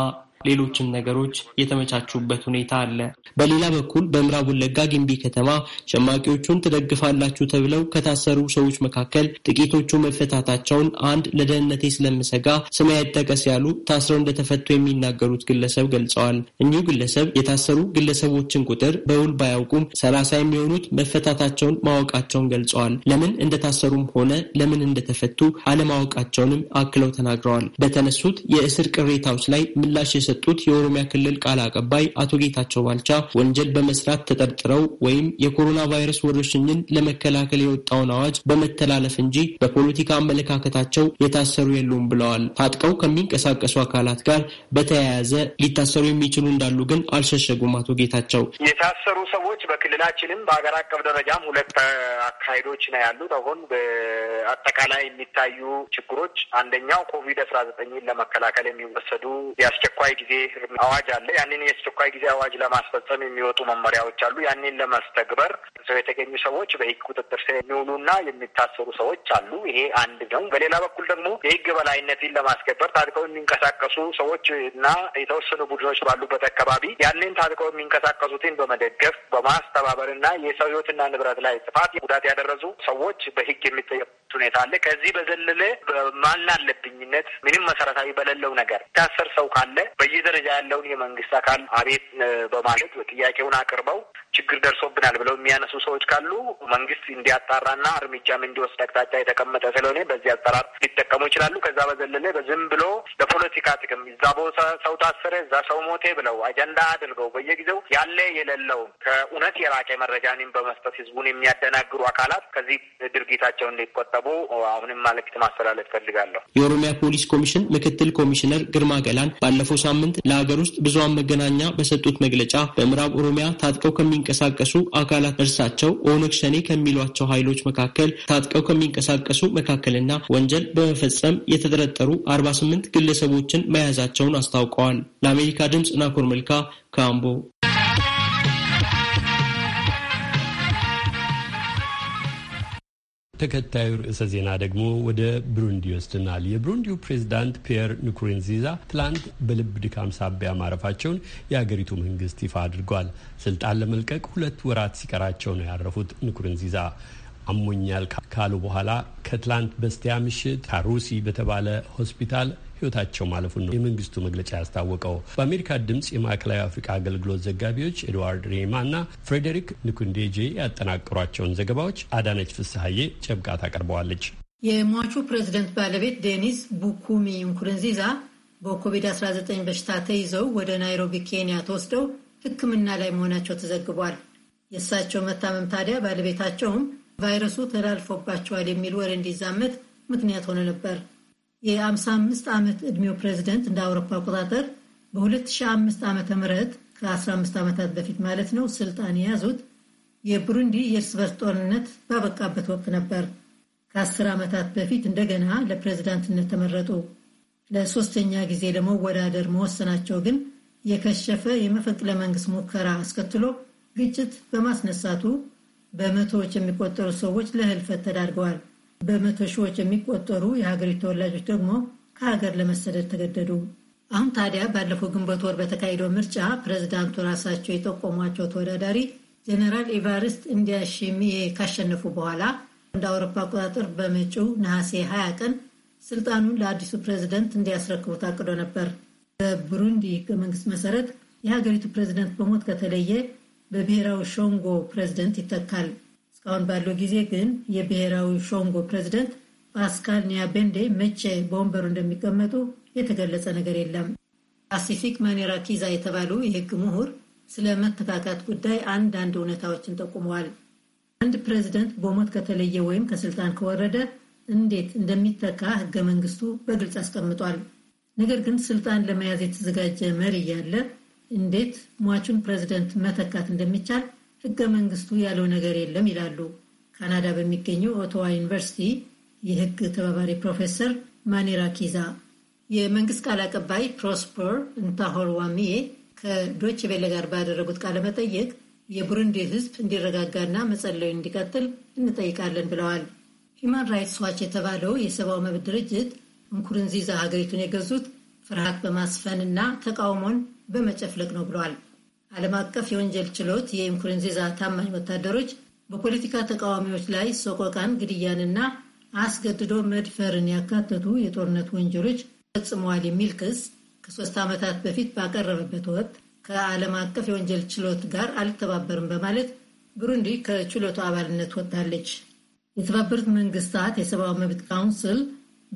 ሌሎችም ነገሮች የተመቻቹበት ሁኔታ አለ። በሌላ በኩል በምዕራብ ወለጋ ግንቢ ከተማ ሸማቂዎቹን ትደግፋላችሁ ተብለው ከታሰሩ ሰዎች መካከል ጥቂቶቹ መፈታታቸውን አንድ ለደህንነቴ ስለምሰጋ ስሜ አይጠቀስ ያሉ ታስረው እንደተፈቱ የሚናገሩት ግለሰብ ገልጸዋል። እኚሁ ግለሰብ የታሰሩ ግለሰቦችን ቁጥር በውል ባያውቁም ሰላሳ የሚሆኑት መፈታታቸውን ማወቃቸውን ገልጸዋል። ለምን እንደታሰሩም ሆነ ለምን እንደተፈቱ አለማወቃቸውንም አክለው ተናግረዋል። በተነሱት የእስር ቅሬታዎች ላይ ምላሽ የሰ የሰጡት የኦሮሚያ ክልል ቃል አቀባይ አቶ ጌታቸው ባልቻ ወንጀል በመስራት ተጠርጥረው ወይም የኮሮና ቫይረስ ወረርሽኝን ለመከላከል የወጣውን አዋጅ በመተላለፍ እንጂ በፖለቲካ አመለካከታቸው የታሰሩ የሉም ብለዋል። ታጥቀው ከሚንቀሳቀሱ አካላት ጋር በተያያዘ ሊታሰሩ የሚችሉ እንዳሉ ግን አልሸሸጉም። አቶ ጌታቸው የታሰሩ ሰዎች በክልላችንም በሀገር አቀፍ ደረጃም ሁለት አካሄዶች ነው ያሉት። አሁን በአጠቃላይ የሚታዩ ችግሮች አንደኛው ኮቪድ አስራ ዘጠኝን ለመከላከል የሚወሰዱ የአስቸኳይ ጊዜ አዋጅ አለ። ያንን የአስቸኳይ ጊዜ አዋጅ ለማስፈጸም የሚወጡ መመሪያዎች አሉ። ያንን ለመስተግበር ሰው የተገኙ ሰዎች በህግ ቁጥጥር ስር የሚውሉና የሚታሰሩ ሰዎች አሉ። ይሄ አንድ ነው። በሌላ በኩል ደግሞ የህግ በላይነትን ለማስከበር ታጥቀው የሚንቀሳቀሱ ሰዎች እና የተወሰኑ ቡድኖች ባሉበት አካባቢ ያንን ታጥቀው የሚንቀሳቀሱትን በመደገፍ በማስተባበር እና የሰው ህይወትና ንብረት ላይ ጥፋት ጉዳት ያደረሱ ሰዎች በህግ የሚጠየቁበት ሁኔታ አለ። ከዚህ በዘለለ በማናለብኝነት ምንም መሰረታዊ በሌለው ነገር ታሰር ሰው ካለ በየደረጃ ያለውን የመንግስት አካል አቤት በማለት ጥያቄውን አቅርበው ችግር ደርሶብናል ብለው የሚያነሱ ሰዎች ካሉ መንግስት እንዲያጣራና እርምጃም እንዲወስድ አቅጣጫ የተቀመጠ ስለሆነ በዚህ አጠራር ሊጠቀሙ ይችላሉ። ከዛ በዘለለ በዝም ብሎ ለፖለቲካ ጥቅም እዛ ቦታ ሰው ታሰረ፣ እዛ ሰው ሞቴ ብለው አጀንዳ አድርገው በየጊዜው ያለ የሌለው ከእውነት የራቀ መረጃንም በመስጠት ህዝቡን የሚያደናግሩ አካላት ከዚህ ድርጊታቸው እንዲቆጠቡ አሁንም መልዕክት ማስተላለፍ ፈልጋለሁ። የኦሮሚያ ፖሊስ ኮሚሽን ምክትል ኮሚሽነር ግርማ ገላን ባለፈው ሳምንት ሳምንት ለሀገር ውስጥ ብዙሃን መገናኛ በሰጡት መግለጫ በምዕራብ ኦሮሚያ ታጥቀው ከሚንቀሳቀሱ አካላት እርሳቸው ኦነግ ሸኔ ከሚሏቸው ኃይሎች መካከል ታጥቀው ከሚንቀሳቀሱ መካከልና ወንጀል በመፈጸም የተጠረጠሩ 48 ግለሰቦችን መያዛቸውን አስታውቀዋል። ለአሜሪካ ድምፅ ናኮር መልካ ካምቦ ተከታዩ ርዕሰ ዜና ደግሞ ወደ ብሩንዲ ይወስድናል። የብሩንዲው ፕሬዚዳንት ፒየር ንኩሩንዚዛ ትላንት በልብ ድካም ሳቢያ ማረፋቸውን የአገሪቱ መንግስት ይፋ አድርጓል። ስልጣን ለመልቀቅ ሁለት ወራት ሲቀራቸው ነው ያረፉት ንኩሩንዚዛ አሞኛል ካሉ በኋላ ከትላንት በስቲያ ምሽት ካሩሲ በተባለ ሆስፒታል ህይወታቸው ማለፉን ነው የመንግስቱ መግለጫ ያስታወቀው። በአሜሪካ ድምፅ የማዕከላዊ አፍሪካ አገልግሎት ዘጋቢዎች ኤድዋርድ ሬማ እና ፍሬዴሪክ ንኩንዴጄ ያጠናቀሯቸውን ዘገባዎች አዳነች ፍስሀዬ ጨብቃ ታቀርበዋለች። የሟቹ ፕሬዚደንት ባለቤት ዴኒስ ቡኩሚ ንኩርንዚዛ በኮቪድ-19 በሽታ ተይዘው ወደ ናይሮቢ ኬንያ ተወስደው ሕክምና ላይ መሆናቸው ተዘግቧል። የእሳቸው መታመም ታዲያ ባለቤታቸውም ቫይረሱ ተላልፎባቸዋል የሚል ወሬ እንዲዛመት ምክንያት ሆነ ነበር። የ55 ዓመት ዕድሜው ፕሬዚደንት እንደ አውሮፓ አቆጣጠር በ2005 ዓ ም ከ15 ዓመታት በፊት ማለት ነው ስልጣን የያዙት የቡሩንዲ የእርስ በርስ ጦርነት ባበቃበት ወቅት ነበር። ከአስር ዓመታት በፊት እንደገና ለፕሬዚዳንትነት ተመረጡ። ለሶስተኛ ጊዜ ለመወዳደር መወሰናቸው ግን የከሸፈ የመፈንቅለ መንግስት ሙከራ አስከትሎ ግጭት በማስነሳቱ በመቶዎች የሚቆጠሩ ሰዎች ለህልፈት ተዳርገዋል። በመቶ ሺዎች የሚቆጠሩ የሀገሪቱ ተወላጆች ደግሞ ከሀገር ለመሰደድ ተገደዱ። አሁን ታዲያ ባለፈው ግንቦት ወር በተካሄደው ምርጫ ፕሬዚዳንቱ ራሳቸው የጠቆሟቸው ተወዳዳሪ ጀኔራል ኢቫሪስት እንዲያሽሚዬ ካሸነፉ በኋላ እንደ አውሮፓ አቆጣጠር በመጪው ነሐሴ 20 ቀን ስልጣኑን ለአዲሱ ፕሬዚደንት እንዲያስረክቡ ታቅዶ ነበር። በብሩንዲ ህገ መንግስት መሰረት የሀገሪቱ ፕሬዚደንት በሞት ከተለየ በብሔራዊ ሾንጎ ፕሬዚደንት ይተካል። እስካሁን ባለው ጊዜ ግን የብሔራዊ ሾንጎ ፕሬዚደንት ፓስካል ኒያቤንዴ መቼ በወንበሩ እንደሚቀመጡ የተገለጸ ነገር የለም። ፓሲፊክ ማኔራ ኪዛ የተባሉ የህግ ምሁር ስለ መተካካት ጉዳይ አንዳንድ እውነታዎችን ጠቁመዋል። አንድ ፕሬዚደንት በሞት ከተለየ ወይም ከስልጣን ከወረደ እንዴት እንደሚተካ ህገ መንግስቱ በግልጽ አስቀምጧል። ነገር ግን ስልጣን ለመያዝ የተዘጋጀ መሪ ያለ እንዴት ሟቹን ፕሬዚደንት መተካት እንደሚቻል ህገ መንግስቱ ያለው ነገር የለም ይላሉ ካናዳ በሚገኘው ኦቶዋ ዩኒቨርሲቲ የህግ ተባባሪ ፕሮፌሰር ማኔራ ኪዛ። የመንግስት ቃል አቀባይ ፕሮስፐር ዋሚዬ ከዶች ቤለ ጋር ባደረጉት ቃለ መጠየቅ የቡሩንዲ ህዝብ እንዲረጋጋና መጸለዩ እንዲቀጥል እንጠይቃለን ብለዋል። ሂማን ራይትስ ዋች የተባለው የሰብአዊ መብት ድርጅት እንኩርንዚዛ ሀገሪቱን የገዙት ፍርሃት በማስፈን እና ተቃውሞን በመጨፍለቅ ነው ብለዋል። ዓለም አቀፍ የወንጀል ችሎት የኢንኩሩንዚዛ ታማኝ ወታደሮች በፖለቲካ ተቃዋሚዎች ላይ ሰቆቃን፣ ግድያንና አስገድዶ መድፈርን ያካተቱ የጦርነት ወንጀሎች ፈጽመዋል የሚል ክስ ከሶስት ዓመታት በፊት ባቀረበበት ወቅት ከዓለም አቀፍ የወንጀል ችሎት ጋር አልተባበርም በማለት ብሩንዲ ከችሎቱ አባልነት ወጥታለች። የተባበሩት መንግስታት የሰብአዊ መብት ካውንስል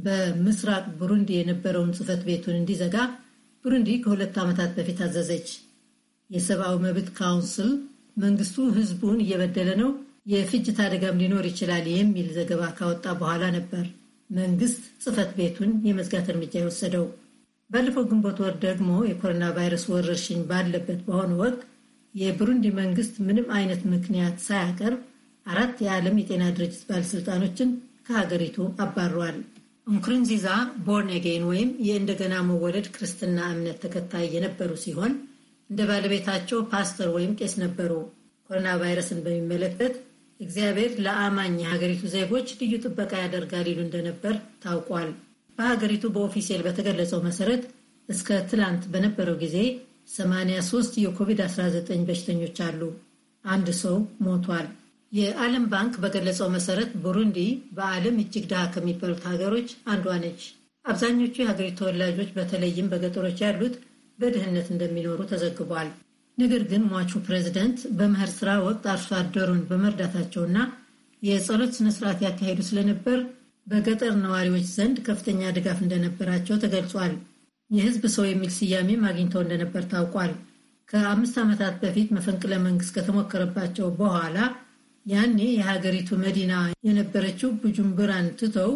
በምስራቅ ብሩንዲ የነበረውን ጽህፈት ቤቱን እንዲዘጋ ብሩንዲ ከሁለት ዓመታት በፊት አዘዘች። የሰብአዊ መብት ካውንስል መንግስቱ ህዝቡን እየበደለ ነው፣ የፍጅት አደጋም ሊኖር ይችላል የሚል ዘገባ ካወጣ በኋላ ነበር መንግስት ጽህፈት ቤቱን የመዝጋት እርምጃ የወሰደው። ባለፈው ግንቦት ወር ደግሞ የኮሮና ቫይረስ ወረርሽኝ ባለበት በአሁኑ ወቅት የብሩንዲ መንግስት ምንም አይነት ምክንያት ሳያቀርብ አራት የዓለም የጤና ድርጅት ባለሥልጣኖችን ከሀገሪቱ አባሯል። እንኩርንዚዛ ቦርን አጌን ወይም የእንደገና መወለድ ክርስትና እምነት ተከታይ የነበሩ ሲሆን እንደ ባለቤታቸው ፓስተር ወይም ቄስ ነበሩ። ኮሮና ቫይረስን በሚመለከት እግዚአብሔር ለአማኝ የሀገሪቱ ዜጎች ልዩ ጥበቃ ያደርጋል ይሉ እንደነበር ታውቋል። በሀገሪቱ በኦፊሴል በተገለጸው መሰረት እስከ ትላንት በነበረው ጊዜ 83 የኮቪድ-19 በሽተኞች አሉ። አንድ ሰው ሞቷል። የዓለም ባንክ በገለጸው መሰረት ቡሩንዲ በዓለም እጅግ ድሃ ከሚባሉት ሀገሮች አንዷ ነች። አብዛኞቹ የሀገሪቱ ተወላጆች በተለይም በገጠሮች ያሉት በድህነት እንደሚኖሩ ተዘግቧል። ነገር ግን ሟቹ ፕሬዚደንት በመኸር ስራ ወቅት አርሶ አደሩን በመርዳታቸውና የጸሎት ስነስርዓት ያካሄዱ ስለነበር በገጠር ነዋሪዎች ዘንድ ከፍተኛ ድጋፍ እንደነበራቸው ተገልጿል። የህዝብ ሰው የሚል ስያሜ አግኝተው እንደነበር ታውቋል። ከአምስት ዓመታት በፊት መፈንቅለ መንግስት ከተሞከረባቸው በኋላ ያኔ የሀገሪቱ መዲና የነበረችው ቡጁምቡራን ትተው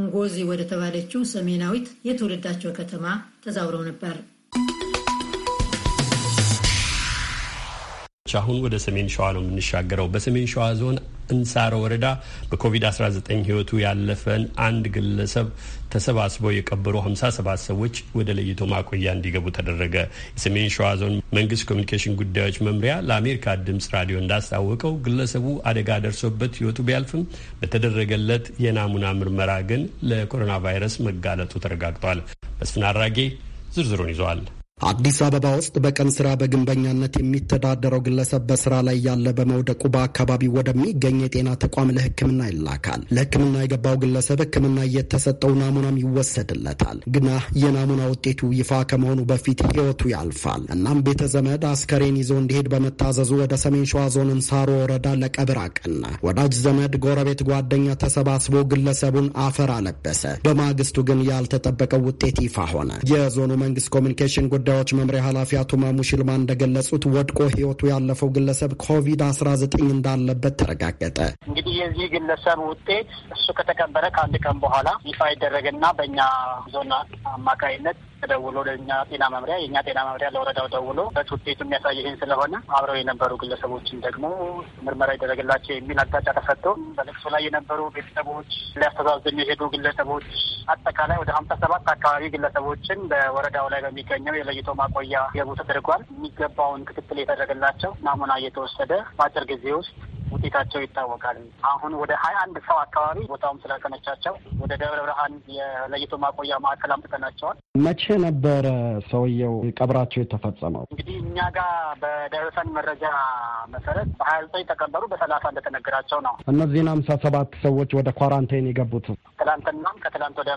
እንጎዚ ወደ ተባለችው ሰሜናዊት የትውልዳቸው ከተማ ተዛውረው ነበር። አሁን ወደ ሰሜን ሸዋ ነው የምንሻገረው። በሰሜን ሸዋ ዞን እንሳሮ ወረዳ በኮቪድ-19 ህይወቱ ያለፈን አንድ ግለሰብ ተሰባስበው የቀበሩ 57 ሰዎች ወደ ለይቶ ማቆያ እንዲገቡ ተደረገ። የሰሜን ሸዋ ዞን መንግስት ኮሚኒኬሽን ጉዳዮች መምሪያ ለአሜሪካ ድምፅ ራዲዮ እንዳስታወቀው ግለሰቡ አደጋ ደርሶበት ህይወቱ ቢያልፍም በተደረገለት የናሙና ምርመራ ግን ለኮሮና ቫይረስ መጋለጡ ተረጋግጧል። መስፍን አራጌ ዝርዝሩን ይዘዋል። አዲስ አበባ ውስጥ በቀን ስራ በግንበኛነት የሚተዳደረው ግለሰብ በስራ ላይ ያለ በመውደቁ በአካባቢው ወደሚገኝ የጤና ተቋም ለሕክምና ይላካል። ለሕክምና የገባው ግለሰብ ሕክምና እየተሰጠው ናሙናም ይወሰድለታል። ግና የናሙና ውጤቱ ይፋ ከመሆኑ በፊት ሕይወቱ ያልፋል። እናም ቤተ ዘመድ አስከሬን ይዞ እንዲሄድ በመታዘዙ ወደ ሰሜን ሸዋ ዞን እንሳሮ ወረዳ ለቀብር አቀና። ወዳጅ ዘመድ፣ ጎረቤት፣ ጓደኛ ተሰባስቦ ግለሰቡን አፈር አለበሰ። በማግስቱ ግን ያልተጠበቀው ውጤት ይፋ ሆነ። የዞኑ መንግስት ኮሚኒኬሽን ጉዳዮች መምሪያ ኃላፊ አቶ ማሙ ሽልማ እንደገለጹት ወድቆ ህይወቱ ያለፈው ግለሰብ ኮቪድ-19 እንዳለበት ተረጋገጠ። እንግዲህ የዚህ ግለሰብ ውጤት እሱ ከተቀበረ ከአንድ ቀን በኋላ ይፋ ይደረግና በእኛ ዞን አማካይነት ተደውሎ ለእኛ ጤና መምሪያ የእኛ ጤና መምሪያ ለወረዳው ደውሎ በት የሚያሳይ የሚያሳይህን ስለሆነ አብረው የነበሩ ግለሰቦችን ደግሞ ምርመራ ይደረግላቸው የሚል አቅጣጫ ተሰጥቶ በለቅሶ ላይ የነበሩ ቤተሰቦች፣ ሊያስተዛዝኑ የሄዱ ግለሰቦች አጠቃላይ ወደ ሀምሳ ሰባት አካባቢ ግለሰቦችን በወረዳው ላይ በሚገኘው የለይቶ ማቆያ ገቡ ተደርጓል። የሚገባውን ክትትል የተደረገላቸው ናሙና እየተወሰደ በአጭር ጊዜ ውስጥ ውጤታቸው ይታወቃል። አሁን ወደ ሀያ አንድ ሰው አካባቢ ቦታውም ስላቀነቻቸው ወደ ደብረ ብርሃን የለይቶ ማቆያ ማዕከል አምጥተናቸዋል። መቼ ነበረ ሰውየው ቀብራቸው የተፈጸመው? እንግዲህ እኛ ጋር በደረሰን መረጃ መሰረት በሀያ ዘጠኝ ተቀበሩ በሰላሳ እንደተነገራቸው ነው። እነዚህን ሀምሳ ሰባት ሰዎች ወደ ኳራንቴን የገቡት ትላንትናም ከትላንት ወዲያ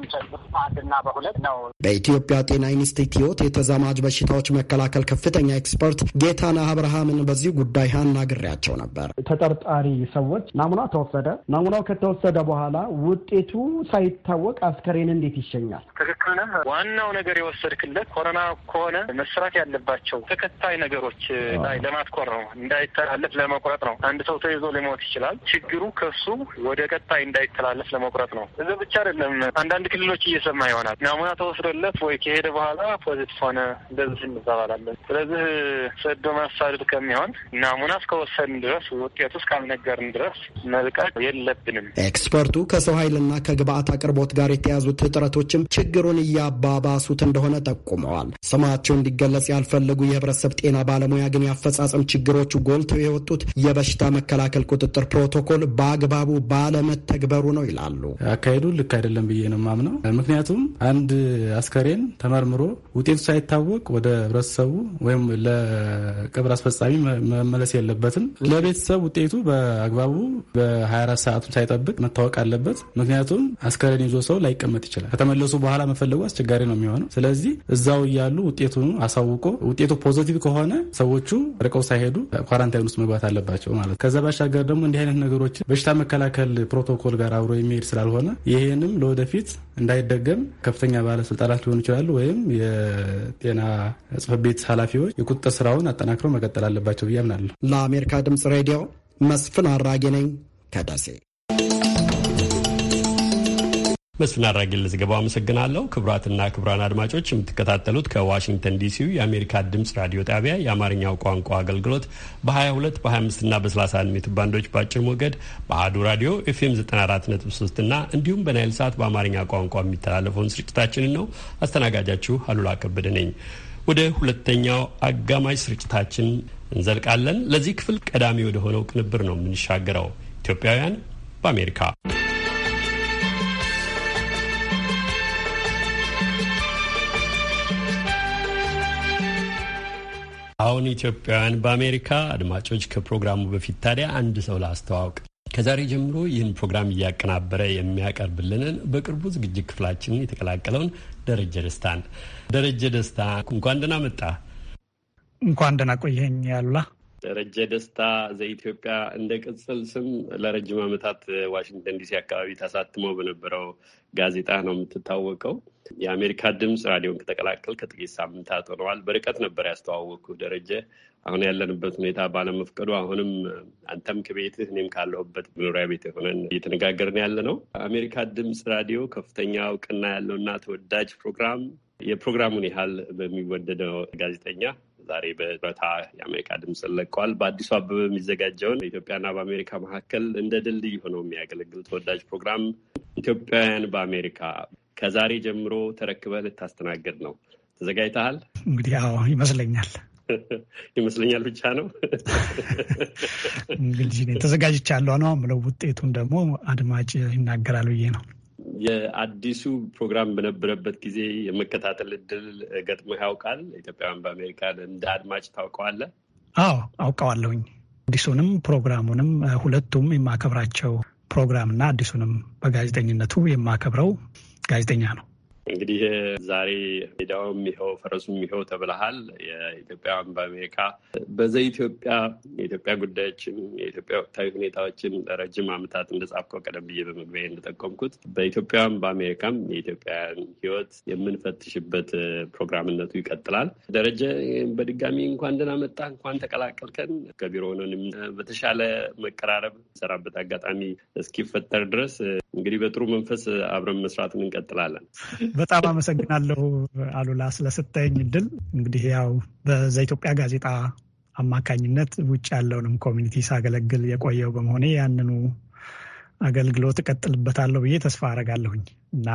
አንድና በሁለት ነው። በኢትዮጵያ ጤና ኢንስቲትዩት የተዛማጅ በሽታዎች መከላከል ከፍተኛ ኤክስፐርት ጌታና አብርሃምን በዚህ ጉዳይ አናግሬያቸው ነበር። ተጠርጣሪ ሰዎች ናሙና ተወሰደ። ናሙናው ከተወሰደ በኋላ ውጤቱ ሳይታወቅ አስከሬን እንዴት ይሸኛል? ትክክል ነህ። ዋናው ነገር የወሰድክለት ኮሮና ከሆነ መሰራት ያለባቸው ተከታይ ነገሮች ላይ ለማትኮር ነው፣ እንዳይተላለፍ ለመቁረጥ ነው። አንድ ሰው ተይዞ ሊሞት ይችላል። ችግሩ ከሱ ወደ ቀጣይ እንዳይተላለፍ ለመቁረጥ ነው። እዚ ብቻ አይደለም። አንዳንድ ክልሎች እየሰማ ይሆናል ናሙና ተወስዶለት ወይ ከሄደ በኋላ ፖዚቲቭ ሆነ እንደዚህ እንባባላለን። ስለዚህ ሰዶ ማሳደድ ከሚሆን ናሙና እስከወሰድን ድረስ ውጤቱ እስካልነገርን ድረስ መልቀቅ የለብንም። ኤክስፐርቱ ከሰው ኃይልና ከግብአት አቅርቦት ጋር የተያዙት እጥረቶችም ችግሩን እያባባሱት እንደሆነ ጠቁመዋል። ስማቸው እንዲገለጽ ያልፈለጉ የህብረተሰብ ጤና ባለሙያ ግን የአፈጻጸም ችግሮቹ ጎልተው የወጡት የበሽታ መከላከል ቁጥጥር ፕሮቶኮል በአግባቡ ባለመተግበሩ ነው ይላሉ። አካሄዱ ልክ አይደለም ብዬ ነው ማምነው። ምክንያቱም አንድ አስከሬን ተመርምሮ ውጤቱ ሳይታወቅ ወደ ህብረተሰቡ ወይም ለቅብር አስፈጻሚ መመለስ የለበትም። ለቤተሰብ ውጤቱ በአግባቡ በ24 ሰዓቱን ሳይጠብቅ መታወቅ አለበት። ምክንያቱም አስከሬን ይዞ ሰው ላይቀመጥ ይችላል። ከተመለሱ በኋላ መፈለጉ አስቸጋሪ ነው የሚሆነው። ስለዚህ እዛው እያሉ ውጤቱን አሳውቆ ውጤቱ ፖዘቲቭ ከሆነ ሰዎቹ ርቀው ሳይሄዱ ኳራንታይን ውስጥ መግባት አለባቸው ማለት። ከዛ ባሻገር ደግሞ እንዲህ አይነት ነገሮችን በሽታ መከላከል ፕሮቶኮል ጋር አብሮ የሚሄድ ስላልሆነ ይህንም ለወደፊት እንዳይደገም ከፍተኛ ባለስልጣናት ሊሆኑ ይችላሉ ወይም የጤና ጽፈት ቤት ኃላፊዎች የቁጥጥር ስራውን አጠናክረው መቀጠል አለባቸው ብዬ አምናለሁ። ለአሜሪካ ድምጽ ሬዲዮ መስፍን አራጌ ነኝ ከደሴ። መስፍን አድራጌ ለዘገባው አመሰግናለሁ። ክቡራትና ክቡራን አድማጮች የምትከታተሉት ከዋሽንግተን ዲሲው የአሜሪካ ድምፅ ራዲዮ ጣቢያ የአማርኛው ቋንቋ አገልግሎት በ22 በ25ና በ31 ሜትር ባንዶች በአጭር ሞገድ በአህዱ ራዲዮ ኤፍኤም 943 እና እንዲሁም በናይል ሰዓት በአማርኛ ቋንቋ የሚተላለፈውን ስርጭታችንን ነው። አስተናጋጃችሁ አሉላ ከበደ ነኝ። ወደ ሁለተኛው አጋማሽ ስርጭታችን እንዘልቃለን። ለዚህ ክፍል ቀዳሚ ወደ ሆነው ቅንብር ነው የምንሻገረው። ኢትዮጵያውያን በአሜሪካ አሁን ኢትዮጵያውያን በአሜሪካ አድማጮች፣ ከፕሮግራሙ በፊት ታዲያ አንድ ሰው ላስተዋውቅ። ከዛሬ ጀምሮ ይህን ፕሮግራም እያቀናበረ የሚያቀርብልንን በቅርቡ ዝግጅት ክፍላችንን የተቀላቀለውን ደረጀ ደስታን። ደረጀ ደስታ እንኳን ደህና መጣ። እንኳን ደህና ቆየኝ ያሉላ ደረጀ ደስታ ዘኢትዮጵያ እንደ ቅጽል ስም ለረጅም ዓመታት ዋሽንግተን ዲሲ አካባቢ ተሳትሞ በነበረው ጋዜጣ ነው የምትታወቀው። የአሜሪካ ድምፅ ራዲዮን ከተቀላቀል ከጥቂት ሳምንታት ሆነዋል። በርቀት ነበር ያስተዋወቅኩ ደረጀ። አሁን ያለንበት ሁኔታ ባለመፍቀዱ አሁንም አንተም ከቤትህ እኔም ካለሁበት መኖሪያ ቤት ሆነን እየተነጋገርን ያለ ነው። አሜሪካ ድምፅ ራዲዮ ከፍተኛ እውቅና ያለውና ተወዳጅ ፕሮግራም የፕሮግራሙን ያህል በሚወደደው ጋዜጠኛ ዛሬ በማታ የአሜሪካ ድምፅ ለቀዋል። በአዲሱ አበበ የሚዘጋጀውን በኢትዮጵያና በአሜሪካ መካከል እንደ ድልድይ ሆኖ የሚያገለግል ተወዳጅ ፕሮግራም ኢትዮጵያውያን በአሜሪካ ከዛሬ ጀምሮ ተረክበህ ልታስተናግድ ነው። ተዘጋጅተሃል? እንግዲህ አዎ፣ ይመስለኛል ይመስለኛል ብቻ ነው እንግዲህ ተዘጋጅቻለሁ ነው ምለው ውጤቱን ደግሞ አድማጭ ይናገራል ብዬ ነው። የአዲሱ ፕሮግራም በነበረበት ጊዜ የመከታተል እድል ገጥሞ ያውቃል? ኢትዮጵያውያን በአሜሪካን እንደ አድማጭ ታውቀዋለ አዎ አውቀዋለሁኝ። አዲሱንም ፕሮግራሙንም ሁለቱም የማከብራቸው ፕሮግራምና አዲሱንም በጋዜጠኝነቱ የማከብረው ጋዜጠኛ ነው። እንግዲህ ዛሬ ሜዳውም ይኸው ፈረሱም ይኸው ተብለሃል። የኢትዮጵያ በአሜሪካ ኢትዮጵያ የኢትዮጵያ ጉዳዮችን የኢትዮጵያ ወቅታዊ ሁኔታዎችን ለረጅም ዓመታት እንደጻፍከው ቀደም ብዬ በመግቢያ እንደጠቆምኩት በኢትዮጵያም በአሜሪካም የኢትዮጵያን ሕይወት የምንፈትሽበት ፕሮግራምነቱ ይቀጥላል። ደረጀ በድጋሚ እንኳን ደህና መጣ እንኳን ተቀላቀልከን። ከቢሮ ሆነንም በተሻለ መቀራረብ ሰራበት አጋጣሚ እስኪፈጠር ድረስ እንግዲህ በጥሩ መንፈስ አብረን መስራትን እንቀጥላለን። በጣም አመሰግናለሁ አሉላ ስለሰጠኝ እድል። እንግዲህ ያው በዘኢትዮጵያ ጋዜጣ አማካኝነት ውጭ ያለውንም ኮሚኒቲ ሳገለግል የቆየው በመሆኔ ያንኑ አገልግሎት እቀጥልበታለሁ ብዬ ተስፋ አረጋለሁኝ እና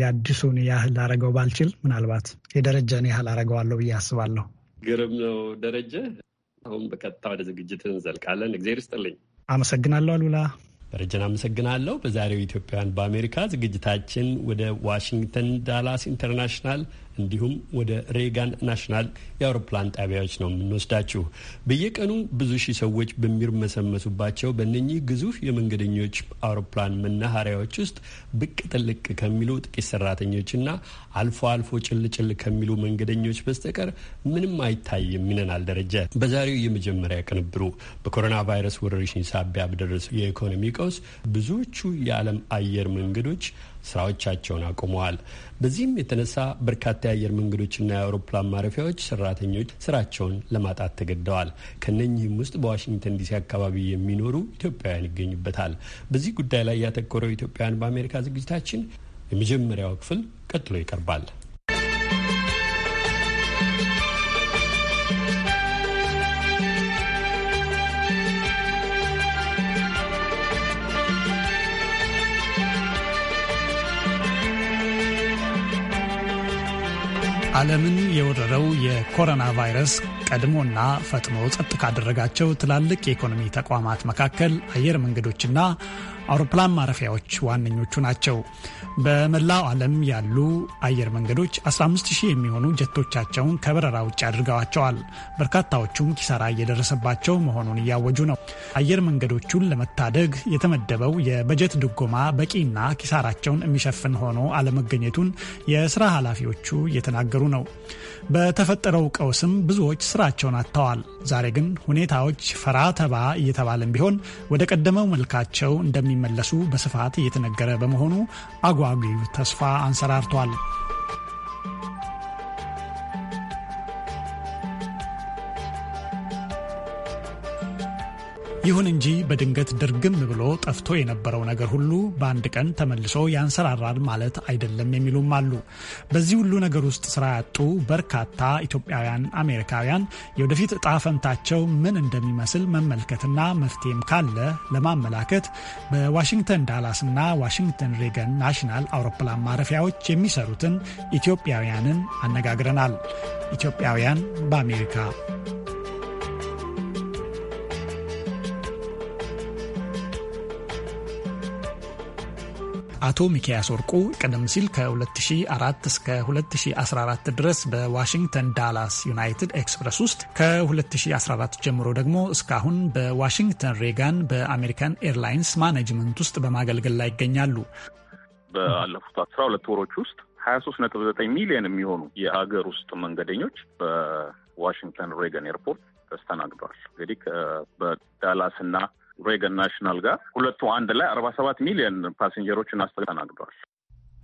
የአዲሱን ያህል አረገው ባልችል ምናልባት የደረጀን ያህል አረገዋለሁ ብዬ አስባለሁ። ግርም ነው ደረጀ። አሁን በቀጥታ ወደ ዝግጅት እንዘልቃለን። እግዜር ይስጥልኝ። አመሰግናለሁ አሉላ። ደረጀን አመሰግናለሁ። በዛሬው ኢትዮጵያውያን በአሜሪካ ዝግጅታችን ወደ ዋሽንግተን ዳላስ ኢንተርናሽናል እንዲሁም ወደ ሬጋን ናሽናል የአውሮፕላን ጣቢያዎች ነው የምንወስዳችሁ። በየቀኑ ብዙ ሺህ ሰዎች በሚርመሰመሱባቸው በእነኚህ ግዙፍ የመንገደኞች አውሮፕላን መናኸሪያዎች ውስጥ ብቅ ጥልቅ ከሚሉ ጥቂት ሰራተኞችና አልፎ አልፎ ጭልጭል ከሚሉ መንገደኞች በስተቀር ምንም አይታይም ይለናል ደረጀ በዛሬው የመጀመሪያ ቅንብሩ። በኮሮና ቫይረስ ወረርሽኝ ሳቢያ በደረሰው የኢኮኖሚ ቀውስ ብዙዎቹ የዓለም አየር መንገዶች ስራዎቻቸውን አቁመዋል። በዚህም የተነሳ በርካታ የአየር መንገዶችና የአውሮፕላን ማረፊያዎች ሰራተኞች ስራቸውን ለማጣት ተገደዋል። ከነኚህም ውስጥ በዋሽንግተን ዲሲ አካባቢ የሚኖሩ ኢትዮጵያውያን ይገኙበታል። በዚህ ጉዳይ ላይ ያተኮረው ኢትዮጵያውያን በአሜሪካ ዝግጅታችን የመጀመሪያው ክፍል ቀጥሎ ይቀርባል። ዓለምን የወረረው የኮሮና ቫይረስ ቀድሞና ፈጥኖ ጸጥ ካደረጋቸው ትላልቅ የኢኮኖሚ ተቋማት መካከል አየር መንገዶችና አውሮፕላን ማረፊያዎች ዋነኞቹ ናቸው። በመላው ዓለም ያሉ አየር መንገዶች 15000 የሚሆኑ ጀቶቻቸውን ከበረራ ውጭ አድርገዋቸዋል። በርካታዎቹም ኪሳራ እየደረሰባቸው መሆኑን እያወጁ ነው። አየር መንገዶቹን ለመታደግ የተመደበው የበጀት ድጎማ በቂና ኪሳራቸውን የሚሸፍን ሆኖ አለመገኘቱን የስራ ኃላፊዎቹ እየተናገሩ ነው። በተፈጠረው ቀውስም ብዙዎች ስራቸውን አጥተዋል። ዛሬ ግን ሁኔታዎች ፈራ ተባ እየተባለም ቢሆን ወደ ቀደመው መልካቸው እንደሚመለሱ በስፋት እየተነገረ በመሆኑ አጓጊ ተስፋ አንሰራርቷል። ይሁን እንጂ በድንገት ድርግም ብሎ ጠፍቶ የነበረው ነገር ሁሉ በአንድ ቀን ተመልሶ ያንሰራራል ማለት አይደለም የሚሉም አሉ። በዚህ ሁሉ ነገር ውስጥ ስራ ያጡ በርካታ ኢትዮጵያውያን አሜሪካውያን የወደፊት እጣ ፈንታቸው ምን እንደሚመስል መመልከትና መፍትሄም ካለ ለማመላከት በዋሽንግተን ና ዋሽንግተን ሬገን ናሽናል አውሮፕላን ማረፊያዎች የሚሰሩትን ኢትዮጵያውያንን አነጋግረናል። ኢትዮጵያውያን በአሜሪካ አቶ ሚኪያስ ወርቁ ቀደም ሲል ከ2004 እስከ 2014 ድረስ በዋሽንግተን ዳላስ ዩናይትድ ኤክስፕረስ ውስጥ ከ2014 ጀምሮ ደግሞ እስካሁን በዋሽንግተን ሬጋን በአሜሪካን ኤርላይንስ ማኔጅመንት ውስጥ በማገልገል ላይ ይገኛሉ። በአለፉት አስራ ሁለት ወሮች ውስጥ ሀያ ሶስት ነጥብ ዘጠኝ ሚሊዮን የሚሆኑ የሀገር ውስጥ መንገደኞች በዋሽንግተን ሬገን ኤርፖርት ተስተናግደዋል። እንግዲህ በዳላስ እና ሬገን ናሽናል ጋር ሁለቱ አንድ ላይ አርባ ሰባት ሚሊዮን ፓሰንጀሮችን አስተናግደዋል።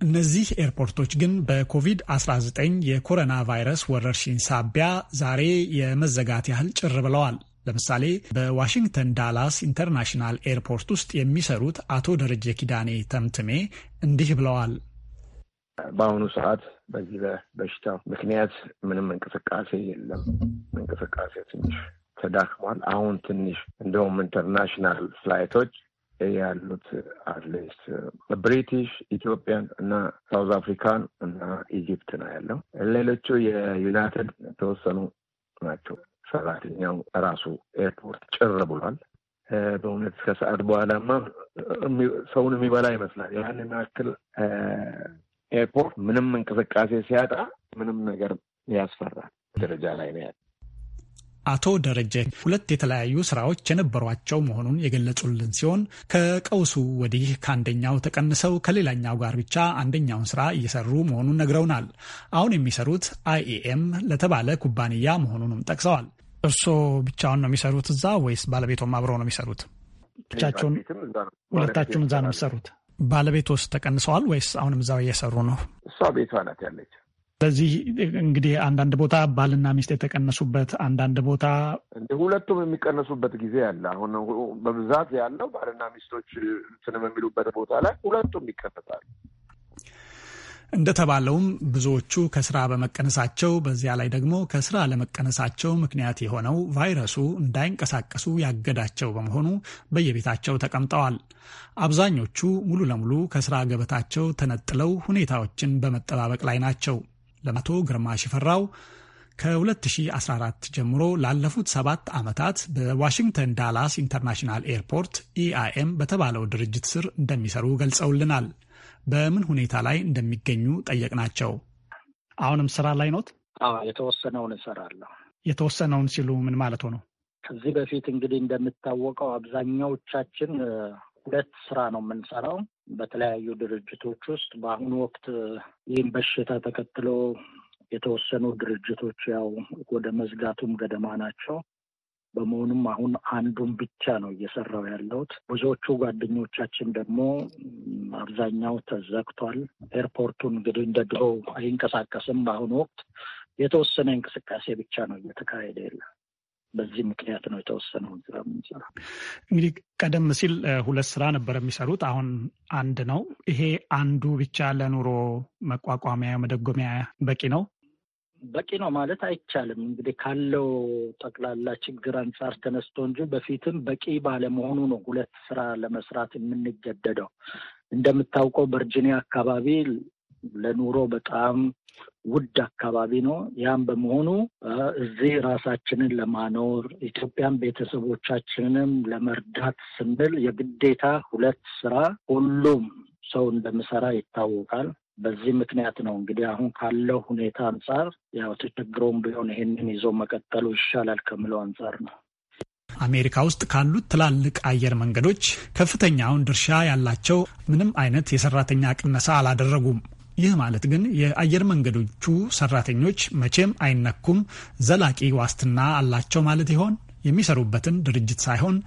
እነዚህ ኤርፖርቶች ግን በኮቪድ-19 የኮሮና ቫይረስ ወረርሽኝ ሳቢያ ዛሬ የመዘጋት ያህል ጭር ብለዋል። ለምሳሌ በዋሽንግተን ዳላስ ኢንተርናሽናል ኤርፖርት ውስጥ የሚሰሩት አቶ ደረጀ ኪዳኔ ተምትሜ እንዲህ ብለዋል። በአሁኑ ሰዓት በዚህ በበሽታው ምክንያት ምንም እንቅስቃሴ የለም። እንቅስቃሴ ትንሽ ተዳክሟል። አሁን ትንሽ እንደውም ኢንተርናሽናል ፍላይቶች ያሉት አትሊስት ብሪቲሽ፣ ኢትዮጵያን እና ሳውዝ አፍሪካን እና ኢጂፕት ነው ያለው። ሌሎቹ የዩናይትድ የተወሰኑ ናቸው። ሰራተኛው ራሱ ኤርፖርት ጭር ብሏል። በእውነት ከሰዓት በኋላማ ሰውን የሚበላ ይመስላል። ያን ያክል ኤርፖርት ምንም እንቅስቃሴ ሲያጣ ምንም ነገር ያስፈራል ደረጃ ላይ ነው ያለ አቶ ደረጀ ሁለት የተለያዩ ስራዎች የነበሯቸው መሆኑን የገለጹልን ሲሆን ከቀውሱ ወዲህ ከአንደኛው ተቀንሰው ከሌላኛው ጋር ብቻ አንደኛውን ስራ እየሰሩ መሆኑን ነግረውናል። አሁን የሚሰሩት አይኤኤም ለተባለ ኩባንያ መሆኑንም ጠቅሰዋል። እርስዎ ብቻውን ነው የሚሰሩት እዛ ወይስ ባለቤቶም አብረው ነው የሚሰሩት? ብቻቸውን? ሁለታችሁም እዛ ነው የሚሰሩት? ባለቤቶስ ተቀንሰዋል ወይስ አሁንም እዛው እየሰሩ ነው? እሷ ቤቷ ናት ያለች ስለዚህ እንግዲህ አንዳንድ ቦታ ባልና ሚስት የተቀነሱበት፣ አንዳንድ ቦታ ሁለቱም የሚቀነሱበት ጊዜ አለ። አሁን በብዛት ያለው ባልና ሚስቶች እንትንም የሚሉበት ቦታ ላይ ሁለቱም ይቀነሳሉ። እንደተባለውም ብዙዎቹ ከስራ በመቀነሳቸው በዚያ ላይ ደግሞ ከስራ ለመቀነሳቸው ምክንያት የሆነው ቫይረሱ እንዳይንቀሳቀሱ ያገዳቸው በመሆኑ በየቤታቸው ተቀምጠዋል። አብዛኞቹ ሙሉ ለሙሉ ከስራ ገበታቸው ተነጥለው ሁኔታዎችን በመጠባበቅ ላይ ናቸው። ለመቶ ግርማ ሽፈራው ከ2014 ጀምሮ ላለፉት ሰባት ዓመታት በዋሽንግተን ዳላስ ኢንተርናሽናል ኤርፖርት ኢአይኤም በተባለው ድርጅት ስር እንደሚሰሩ ገልጸውልናል። በምን ሁኔታ ላይ እንደሚገኙ ጠየቅናቸው። አሁንም ስራ ላይ ኖት? የተወሰነውን እሰራለሁ። የተወሰነውን ሲሉ ምን ማለት ነው? ከዚህ በፊት እንግዲህ እንደምታወቀው አብዛኛዎቻችን ሁለት ስራ ነው የምንሰራው። በተለያዩ ድርጅቶች ውስጥ በአሁኑ ወቅት ይህም በሽታ ተከትሎ የተወሰኑ ድርጅቶች ያው ወደ መዝጋቱም ገደማ ናቸው። በመሆኑም አሁን አንዱን ብቻ ነው እየሰራው ያለሁት። ብዙዎቹ ጓደኞቻችን ደግሞ አብዛኛው ተዘግቷል። ኤርፖርቱ እንግዲህ እንደ አይንቀሳቀስም። በአሁኑ ወቅት የተወሰነ እንቅስቃሴ ብቻ ነው እየተካሄደ ያለ በዚህ ምክንያት ነው የተወሰነውን ስራ የምንሰራ። እንግዲህ ቀደም ሲል ሁለት ስራ ነበር የሚሰሩት፣ አሁን አንድ ነው። ይሄ አንዱ ብቻ ለኑሮ መቋቋሚያ መደጎሚያ በቂ ነው በቂ ነው ማለት አይቻልም። እንግዲህ ካለው ጠቅላላ ችግር አንጻር ተነስቶ እንጂ በፊትም በቂ ባለመሆኑ ነው ሁለት ስራ ለመስራት የምንገደደው። እንደምታውቀው ቨርጂኒያ አካባቢ ለኑሮ በጣም ውድ አካባቢ ነው። ያም በመሆኑ እዚህ ራሳችንን ለማኖር ኢትዮጵያን ቤተሰቦቻችንንም ለመርዳት ስንል የግዴታ ሁለት ስራ ሁሉም ሰው እንደምሰራ ይታወቃል። በዚህ ምክንያት ነው እንግዲህ አሁን ካለው ሁኔታ አንጻር ያው ተቸግሮም ቢሆን ይህንን ይዞ መቀጠሉ ይሻላል ከምለው አንጻር ነው። አሜሪካ ውስጥ ካሉት ትላልቅ አየር መንገዶች ከፍተኛውን ድርሻ ያላቸው ምንም አይነት የሰራተኛ ቅነሳ አላደረጉም። ይህ ማለት ግን የአየር መንገዶቹ ሰራተኞች መቼም አይነኩም፣ ዘላቂ ዋስትና አላቸው ማለት ይሆን? የሚሰሩበትን ድርጅት ሳይሆን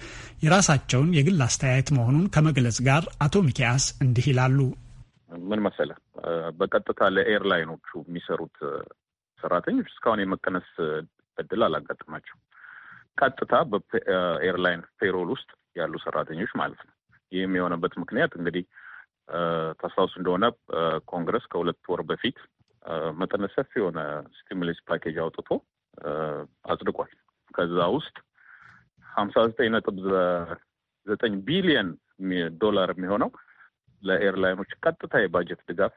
የራሳቸውን የግል አስተያየት መሆኑን ከመግለጽ ጋር አቶ ሚኪያስ እንዲህ ይላሉ። ምን መሰለ፣ በቀጥታ ለኤርላይኖቹ የሚሰሩት ሰራተኞች እስካሁን የመቀነስ እድል አላጋጥማቸው። ቀጥታ በኤርላይን ፔሮል ውስጥ ያሉ ሰራተኞች ማለት ነው። ይህም የሆነበት ምክንያት እንግዲህ ታስታውሱ እንደሆነ ኮንግረስ ከሁለት ወር በፊት መጠነ ሰፊ የሆነ ስቲሙሌስ ፓኬጅ አውጥቶ አጽድቋል። ከዛ ውስጥ ሀምሳ ዘጠኝ ነጥብ ዘጠኝ ቢሊየን ዶላር የሚሆነው ለኤርላይኖች ቀጥታ የባጀት ድጋፍ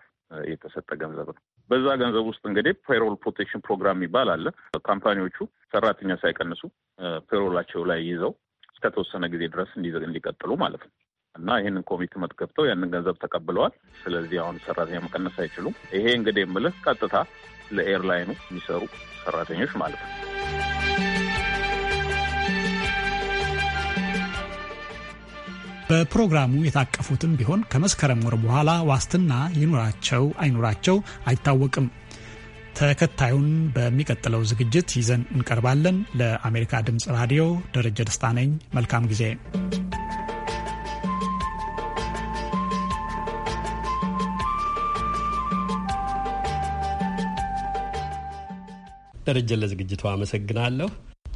የተሰጠ ገንዘብ ነው። በዛ ገንዘብ ውስጥ እንግዲህ ፔሮል ፕሮቴክሽን ፕሮግራም የሚባል አለ። ካምፓኒዎቹ ሰራተኛ ሳይቀንሱ ፔሮላቸው ላይ ይዘው እስከተወሰነ ጊዜ ድረስ እንዲቀጥሉ ማለት ነው። እና ይህንን ኮሚትመንት ገብተው ያንን ገንዘብ ተቀብለዋል። ስለዚህ አሁን ሰራተኛ መቀነስ አይችሉም። ይሄ እንግዲህ የምልህ ቀጥታ ለኤርላይኑ የሚሰሩ ሰራተኞች ማለት ነው። በፕሮግራሙ የታቀፉትም ቢሆን ከመስከረም ወር በኋላ ዋስትና ይኑራቸው አይኑራቸው አይታወቅም። ተከታዩን በሚቀጥለው ዝግጅት ይዘን እንቀርባለን። ለአሜሪካ ድምፅ ራዲዮ ደረጀ ደስታ ነኝ። መልካም ጊዜ። ደረጀ፣ ለዝግጅቱ አመሰግናለሁ።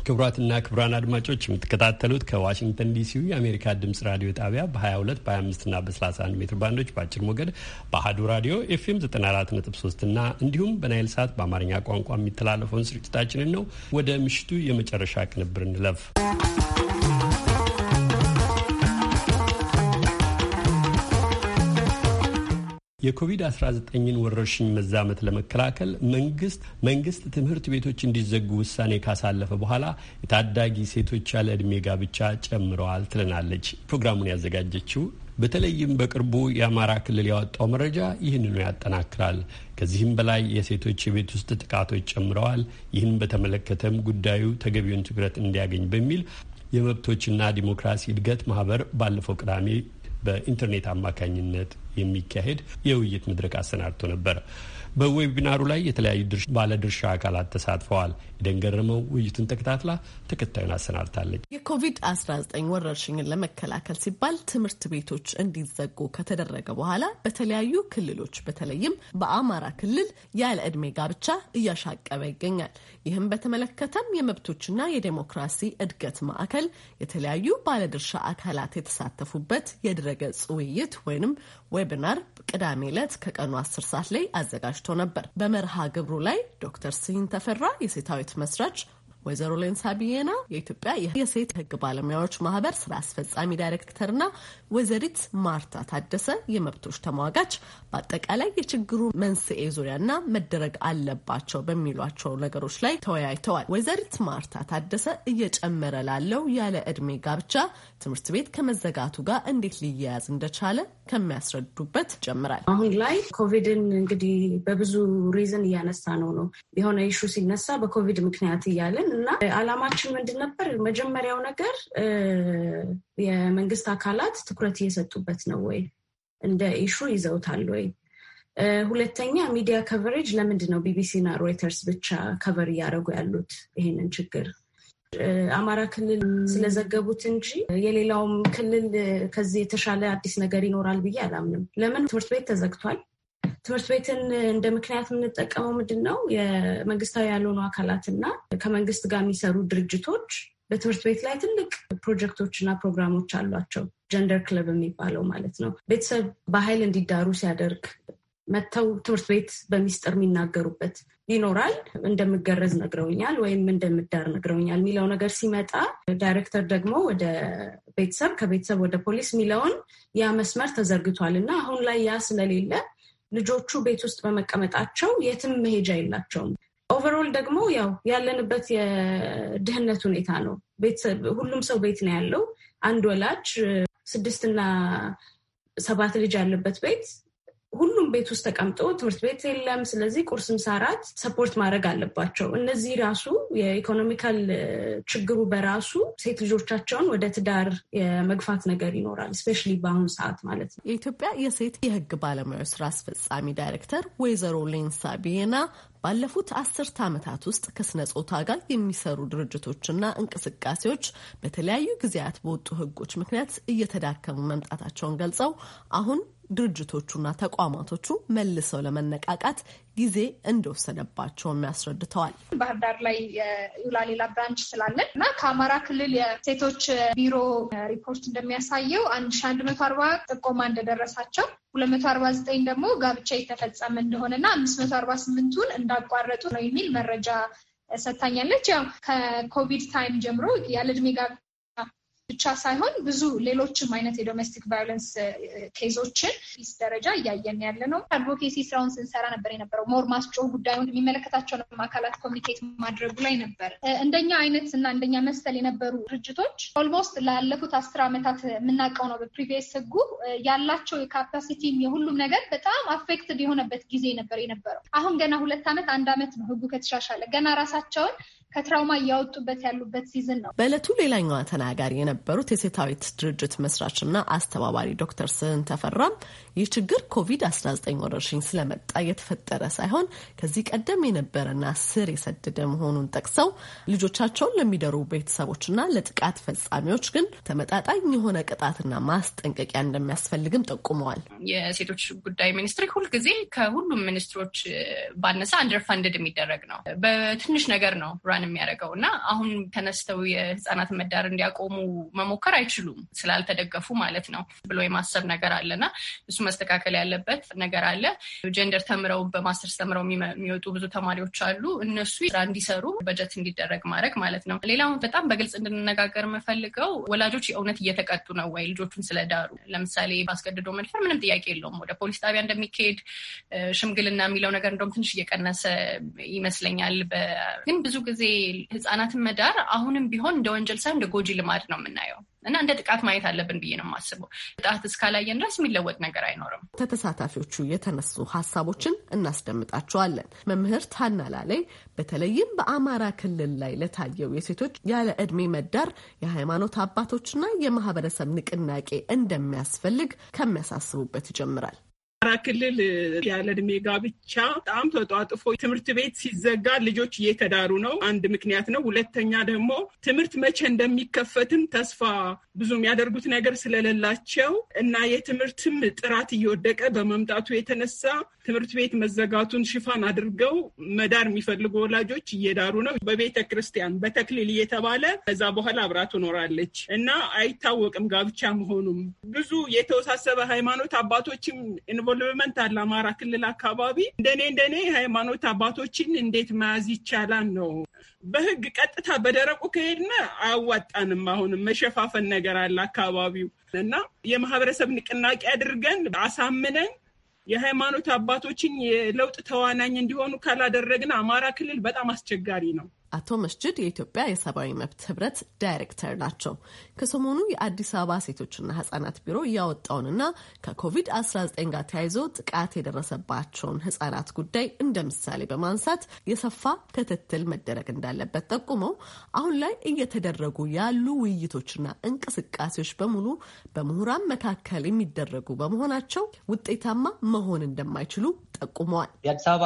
ክቡራትና ክቡራን አድማጮች የምትከታተሉት ከዋሽንግተን ዲሲው የአሜሪካ ድምጽ ራዲዮ ጣቢያ በ22 በ25ና በ31 ሜትር ባንዶች በአጭር ሞገድ በአህዱ ራዲዮ ኤፍኤም 943 እና እንዲሁም በናይል ሳት በአማርኛ ቋንቋ የሚተላለፈውን ስርጭታችንን ነው። ወደ ምሽቱ የመጨረሻ ቅንብር እንለፍ። የኮቪድ-19ን ወረርሽኝ መዛመት ለመከላከል መንግስት መንግስት ትምህርት ቤቶች እንዲዘጉ ውሳኔ ካሳለፈ በኋላ የታዳጊ ሴቶች ያለ ዕድሜ ጋብቻ ጨምረዋል ትለናለች ፕሮግራሙን ያዘጋጀችው። በተለይም በቅርቡ የአማራ ክልል ያወጣው መረጃ ይህንኑ ያጠናክራል። ከዚህም በላይ የሴቶች የቤት ውስጥ ጥቃቶች ጨምረዋል። ይህን በተመለከተም ጉዳዩ ተገቢውን ትኩረት እንዲያገኝ በሚል የመብቶችና ዲሞክራሲ እድገት ማህበር ባለፈው ቅዳሜ በኢንተርኔት አማካኝነት የሚካሄድ የውይይት መድረክ አሰናድቶ ነበር። በዌቢናሩ ላይ የተለያዩ ባለድርሻ አካላት ተሳትፈዋል። የደንገረመው ውይይቱን ተከታትላ ተከታዩን አሰናድታለች። የኮቪድ-19 ወረርሽኝን ለመከላከል ሲባል ትምህርት ቤቶች እንዲዘጉ ከተደረገ በኋላ በተለያዩ ክልሎች በተለይም በአማራ ክልል ያለ ዕድሜ ጋብቻ እያሻቀበ ይገኛል። ይህም በተመለከተም የመብቶችና የዴሞክራሲ እድገት ማዕከል የተለያዩ ባለድርሻ አካላት የተሳተፉበት የድረገጽ ውይይት ወይንም ዌብናር ቅዳሜ ዕለት ከቀኑ 10 ሰዓት ላይ አዘጋጅቶ ነበር። በመርሃ ግብሩ ላይ ዶክተር ስሂን ተፈራ የሴታዊት መስራች ወይዘሮ ሌንሳ ቢዬና የኢትዮጵያ የሴት ህግ ባለሙያዎች ማህበር ስራ አስፈጻሚ ዳይሬክተርና ወይዘሪት ማርታ ታደሰ የመብቶች ተሟጋች በአጠቃላይ የችግሩ መንስኤ ዙሪያና መደረግ አለባቸው በሚሏቸው ነገሮች ላይ ተወያይተዋል። ወይዘሪት ማርታ ታደሰ እየጨመረ ላለው ያለ እድሜ ጋብቻ ትምህርት ቤት ከመዘጋቱ ጋር እንዴት ሊያያዝ እንደቻለ ከሚያስረዱበት ይጀምራል። አሁን ላይ ኮቪድን እንግዲህ በብዙ ሪዝን እያነሳ ነው ነው የሆነ ኢሹ ሲነሳ በኮቪድ ምክንያት እያለን እና አላማችን ምንድን ነበር? መጀመሪያው ነገር የመንግስት አካላት ትኩረት እየሰጡበት ነው ወይ? እንደ ኢሹ ይዘውታል ወይ? ሁለተኛ ሚዲያ ከቨሬጅ ለምንድን ነው ቢቢሲና ሮይተርስ ብቻ ከቨር እያደረጉ ያሉት ይሄንን ችግር አማራ ክልል ስለዘገቡት እንጂ የሌላውም ክልል ከዚህ የተሻለ አዲስ ነገር ይኖራል ብዬ አላምንም። ለምን ትምህርት ቤት ተዘግቷል? ትምህርት ቤትን እንደ ምክንያት የምንጠቀመው ምንድን ነው? የመንግስታዊ ያልሆኑ አካላትና ከመንግስት ጋር የሚሰሩ ድርጅቶች በትምህርት ቤት ላይ ትልቅ ፕሮጀክቶችና ፕሮግራሞች አሏቸው። ጀንደር ክለብ የሚባለው ማለት ነው። ቤተሰብ በኃይል እንዲዳሩ ሲያደርግ መጥተው ትምህርት ቤት በሚስጥር የሚናገሩበት ይኖራል። እንደምገረዝ ነግረውኛል ወይም እንደምዳር ነግረውኛል የሚለው ነገር ሲመጣ ዳይሬክተር ደግሞ ወደ ቤተሰብ፣ ከቤተሰብ ወደ ፖሊስ የሚለውን ያ መስመር ተዘርግቷል እና አሁን ላይ ያ ስለሌለ ልጆቹ ቤት ውስጥ በመቀመጣቸው የትም መሄጃ የላቸውም። ኦቨርኦል ደግሞ ያው ያለንበት የድህነት ሁኔታ ነው። ሁሉም ሰው ቤት ነው ያለው። አንድ ወላጅ ስድስትና ሰባት ልጅ ያለበት ቤት ቤት ውስጥ ተቀምጦ ትምህርት ቤት የለም። ስለዚህ ቁርስም ሳራት ሰፖርት ማድረግ አለባቸው። እነዚህ ራሱ የኢኮኖሚካል ችግሩ በራሱ ሴት ልጆቻቸውን ወደ ትዳር የመግፋት ነገር ይኖራል፣ እስፔሻሊ በአሁኑ ሰዓት ማለት ነው። የኢትዮጵያ የሴት የህግ ባለሙያዎች ስራ አስፈጻሚ ዳይሬክተር ወይዘሮ ሌንሳ ቢየና ባለፉት አስርተ ዓመታት ውስጥ ከስነ ጾታ ጋር የሚሰሩ ድርጅቶችና እንቅስቃሴዎች በተለያዩ ጊዜያት በወጡ ህጎች ምክንያት እየተዳከሙ መምጣታቸውን ገልጸው አሁን ድርጅቶቹና ተቋማቶቹ መልሰው ለመነቃቃት ጊዜ እንደወሰደባቸውም ያስረድተዋል። ባህር ዳር ላይ የዩላሌላ ብራንች ስላለን እና ከአማራ ክልል የሴቶች ቢሮ ሪፖርት እንደሚያሳየው አንድ ሺ አንድ መቶ አርባ ጥቆማ እንደደረሳቸው ሁለት መቶ አርባ ዘጠኝ ደግሞ ጋብቻ የተፈጸመ እንደሆነና አምስት መቶ አርባ ስምንቱን እንዳቋረጡ ነው የሚል መረጃ ሰታኛለች። ያው ከኮቪድ ታይም ጀምሮ ያለ እድሜ ብቻ ሳይሆን ብዙ ሌሎችም አይነት የዶሜስቲክ ቫዮለንስ ኬዞችን ስ ደረጃ እያየን ያለ ነው። አድቮኬሲ ስራውን ስንሰራ ነበር የነበረው ሞር ማስጮ ጉዳዩን የሚመለከታቸውን አካላት ኮሚኒኬት ማድረጉ ላይ ነበር። እንደኛ አይነት እና እንደኛ መሰል የነበሩ ድርጅቶች ኦልሞስት ላለፉት አስር ዓመታት የምናውቀው ነው። በፕሪቪየስ ህጉ ያላቸው የካፓሲቲም የሁሉም ነገር በጣም አፌክትድ የሆነበት ጊዜ ነበር የነበረው። አሁን ገና ሁለት ዓመት አንድ ዓመት ነው ህጉ ከተሻሻለ ገና ራሳቸውን ከትራውማ እያወጡበት ያሉበት ሲዝን ነው። በዕለቱ ሌላኛዋ ተናጋሪ የነበሩት የሴታዊት ድርጅት መስራችና አስተባባሪ ዶክተር ስህን ተፈራም ይህ ችግር ኮቪድ-19 ወረርሽኝ ስለመጣ የተፈጠረ ሳይሆን ከዚህ ቀደም የነበረና ስር የሰደደ መሆኑን ጠቅሰው ልጆቻቸውን ለሚደሩ ቤተሰቦችና ለጥቃት ፈጻሚዎች ግን ተመጣጣኝ የሆነ ቅጣትና ማስጠንቀቂያ እንደሚያስፈልግም ጠቁመዋል። የሴቶች ጉዳይ ሚኒስትሪ ሁልጊዜ ከሁሉም ሚኒስትሮች ባነሳ አንደርፋንድድ የሚደረግ ነው። በትንሽ ነገር ነው ነው የሚያደርገው እና አሁን ተነስተው የህፃናት መዳር እንዲያቆሙ መሞከር አይችሉም፣ ስላልተደገፉ ማለት ነው ብሎ የማሰብ ነገር አለና እሱ መስተካከል ያለበት ነገር አለ። ጀንደር ተምረው በማስተርስ ተምረው የሚወጡ ብዙ ተማሪዎች አሉ። እነሱ ስራ እንዲሰሩ በጀት እንዲደረግ ማድረግ ማለት ነው። ሌላውን በጣም በግልጽ እንድንነጋገር የምፈልገው ወላጆች የእውነት እየተቀጡ ነው ወይ ልጆቹን ስለዳሩ? ለምሳሌ ባስገድዶ መድፈር ምንም ጥያቄ የለውም ወደ ፖሊስ ጣቢያ እንደሚካሄድ ሽምግልና የሚለው ነገር እንደውም ትንሽ እየቀነሰ ይመስለኛል። ግን ብዙ ጊዜ ህጻናትን መዳር አሁንም ቢሆን እንደ ወንጀል ሳይሆን እንደ ጎጂ ልማድ ነው የምናየው እና እንደ ጥቃት ማየት አለብን ብዬ ነው የማስበው። ጥቃት እስካላየን ድረስ የሚለወጥ ነገር አይኖርም። ከተሳታፊዎቹ የተነሱ ሀሳቦችን እናስደምጣቸዋለን። መምህር ታናላ በተለይም በአማራ ክልል ላይ ለታየው የሴቶች ያለ ዕድሜ መዳር የሃይማኖት አባቶችና የማህበረሰብ ንቅናቄ እንደሚያስፈልግ ከሚያሳስቡበት ይጀምራል። አማራ ክልል ያለ እድሜ ጋብቻ በጣም ተጧጥፎ ትምህርት ቤት ሲዘጋ ልጆች እየተዳሩ ነው። አንድ ምክንያት ነው። ሁለተኛ ደግሞ ትምህርት መቼ እንደሚከፈትም ተስፋ ብዙ የሚያደርጉት ነገር ስለሌላቸው እና የትምህርትም ጥራት እየወደቀ በመምጣቱ የተነሳ ትምህርት ቤት መዘጋቱን ሽፋን አድርገው መዳር የሚፈልጉ ወላጆች እየዳሩ ነው። በቤተ ክርስቲያን በተክሊል እየተባለ ከዛ በኋላ አብራ ትኖራለች እና አይታወቅም ጋብቻ መሆኑም ብዙ የተወሳሰበ ሃይማኖት አባቶችም ኢንቮልቭመንት አለ አማራ ክልል አካባቢ። እንደኔ እንደኔ የሃይማኖት አባቶችን እንዴት መያዝ ይቻላል ነው። በህግ ቀጥታ በደረቁ ከሄድን አያዋጣንም። አሁንም መሸፋፈን ነገር አለ አካባቢው እና የማህበረሰብ ንቅናቄ አድርገን አሳምነን የሃይማኖት አባቶችን የለውጥ ተዋናኝ እንዲሆኑ ካላደረግን አማራ ክልል በጣም አስቸጋሪ ነው። አቶ መስጅድ የኢትዮጵያ የሰብአዊ መብት ህብረት ዳይሬክተር ናቸው። ከሰሞኑ የአዲስ አበባ ሴቶችና ህጻናት ቢሮ እያወጣውንና ከኮቪድ-19 ጋር ተያይዞ ጥቃት የደረሰባቸውን ህጻናት ጉዳይ እንደ ምሳሌ በማንሳት የሰፋ ክትትል መደረግ እንዳለበት ጠቁመው አሁን ላይ እየተደረጉ ያሉ ውይይቶችና እንቅስቃሴዎች በሙሉ በምሁራን መካከል የሚደረጉ በመሆናቸው ውጤታማ መሆን እንደማይችሉ ጠቁመዋል። የአዲስ አበባ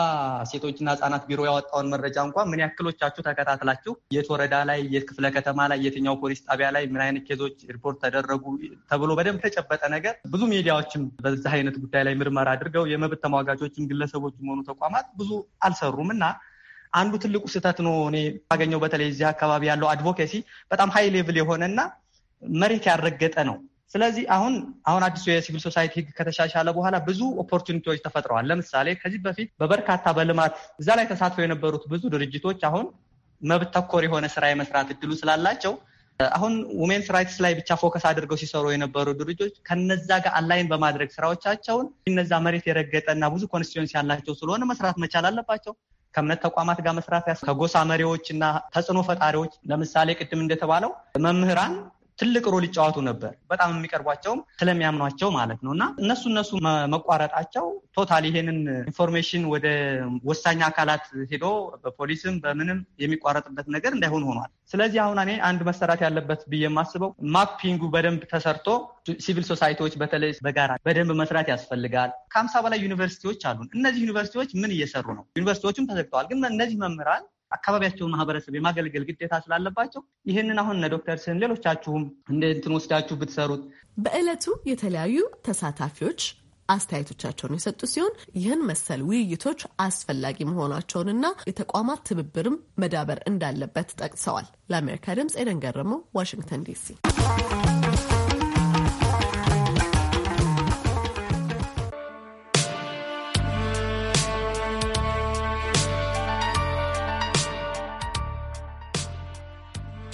ሴቶችና ህጻናት ቢሮ ያወጣውን መረጃ እንኳን ምን ያክሎቻችሁ ተከታትላችሁ የት ወረዳ ላይ፣ የት ክፍለ ከተማ ላይ፣ የትኛው ፖሊስ ጣቢያ ላይ ምን አይነት ኬዞች ሪፖርት ተደረጉ ተብሎ በደንብ ተጨበጠ ነገር ብዙ ሚዲያዎችም በዚህ አይነት ጉዳይ ላይ ምርመራ አድርገው የመብት ተሟጋቾችም ግለሰቦች ሆኑ ተቋማት ብዙ አልሰሩም እና አንዱ ትልቁ ስህተት ነው እኔ ባገኘው በተለይ እዚህ አካባቢ ያለው አድቮኬሲ በጣም ሀይ ሌቭል የሆነና መሬት ያረገጠ ነው። ስለዚህ አሁን አሁን አዲሱ የሲቪል ሶሳይቲ ህግ ከተሻሻለ በኋላ ብዙ ኦፖርቹኒቲዎች ተፈጥረዋል። ለምሳሌ ከዚህ በፊት በበርካታ በልማት እዛ ላይ ተሳትፈው የነበሩት ብዙ ድርጅቶች አሁን መብት ተኮር የሆነ ስራ የመስራት እድሉ ስላላቸው አሁን ውሜንስ ራይትስ ላይ ብቻ ፎከስ አድርገው ሲሰሩ የነበሩ ድርጅቶች ከነዛ ጋር አላይን በማድረግ ስራዎቻቸውን እነዛ መሬት የረገጠ እና ብዙ ኮንስቲትዌንስ ያላቸው ስለሆነ መስራት መቻል አለባቸው። ከእምነት ተቋማት ጋር መስራት፣ ከጎሳ መሪዎች እና ተጽዕኖ ፈጣሪዎች፣ ለምሳሌ ቅድም እንደተባለው መምህራን ትልቅ ሮል ይጫወቱ ነበር። በጣም የሚቀርቧቸውም ስለሚያምኗቸው ማለት ነው እና እነሱ እነሱ መቋረጣቸው ቶታል ይሄንን ኢንፎርሜሽን ወደ ወሳኝ አካላት ሄዶ በፖሊስም በምንም የሚቋረጥበት ነገር እንዳይሆን ሆኗል። ስለዚህ አሁን እኔ አንድ መሰራት ያለበት ብዬ የማስበው ማፒንጉ በደንብ ተሰርቶ ሲቪል ሶሳይቲዎች በተለይ በጋራ በደንብ መስራት ያስፈልጋል። ከሀምሳ በላይ ዩኒቨርሲቲዎች አሉን። እነዚህ ዩኒቨርሲቲዎች ምን እየሰሩ ነው? ዩኒቨርሲቲዎቹም ተዘግተዋል። ግን እነዚህ መምህራን አካባቢያቸውን ማህበረሰብ የማገልገል ግዴታ ስላለባቸው ይህንን አሁን እነ ዶክተር ስን ሌሎቻችሁም እንደ እንትን ወስዳችሁ ብትሰሩት። በእለቱ የተለያዩ ተሳታፊዎች አስተያየቶቻቸውን የሰጡ ሲሆን ይህን መሰል ውይይቶች አስፈላጊ መሆናቸውንና የተቋማት ትብብርም መዳበር እንዳለበት ጠቅሰዋል። ለአሜሪካ ድምፅ ኤደን ገረመው፣ ዋሽንግተን ዲሲ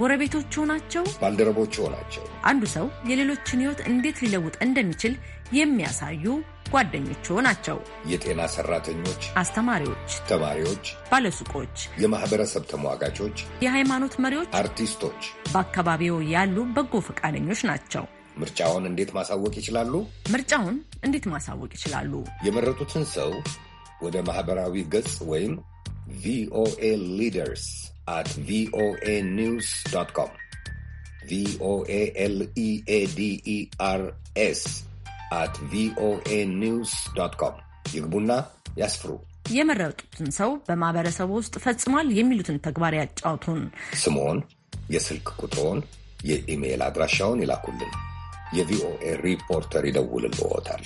ጎረቤቶቹ ናቸው፣ ባልደረቦችዎ ናቸው። አንዱ ሰው የሌሎችን ህይወት እንዴት ሊለውጥ እንደሚችል የሚያሳዩ ጓደኞቹ ናቸው። የጤና ሰራተኞች፣ አስተማሪዎች፣ ተማሪዎች፣ ባለሱቆች፣ የማህበረሰብ ተሟጋቾች፣ የሃይማኖት መሪዎች፣ አርቲስቶች፣ በአካባቢው ያሉ በጎ ፈቃደኞች ናቸው። ምርጫውን እንዴት ማሳወቅ ይችላሉ? ምርጫውን እንዴት ማሳወቅ ይችላሉ? የመረጡትን ሰው ወደ ማህበራዊ ገጽ ወይም ቪኦኤ ሊደርስ at ቪኦኤ ኒውስ ዶት ኮም ቪኦኤ ኤልኢኤዲኢአርኤስ አት ቪኦኤ ኒውስ ዶት ኮም ይግቡና ያስፍሩ። የመረጡትን ሰው በማህበረሰቡ ውስጥ ፈጽሟል የሚሉትን ተግባር ያጫውቱን። ስሞን የስልክ ቁጥሮን፣ የኢሜይል አድራሻውን ይላኩልን። የቪኦኤ ሪፖርተር ይደውልልዎታል፣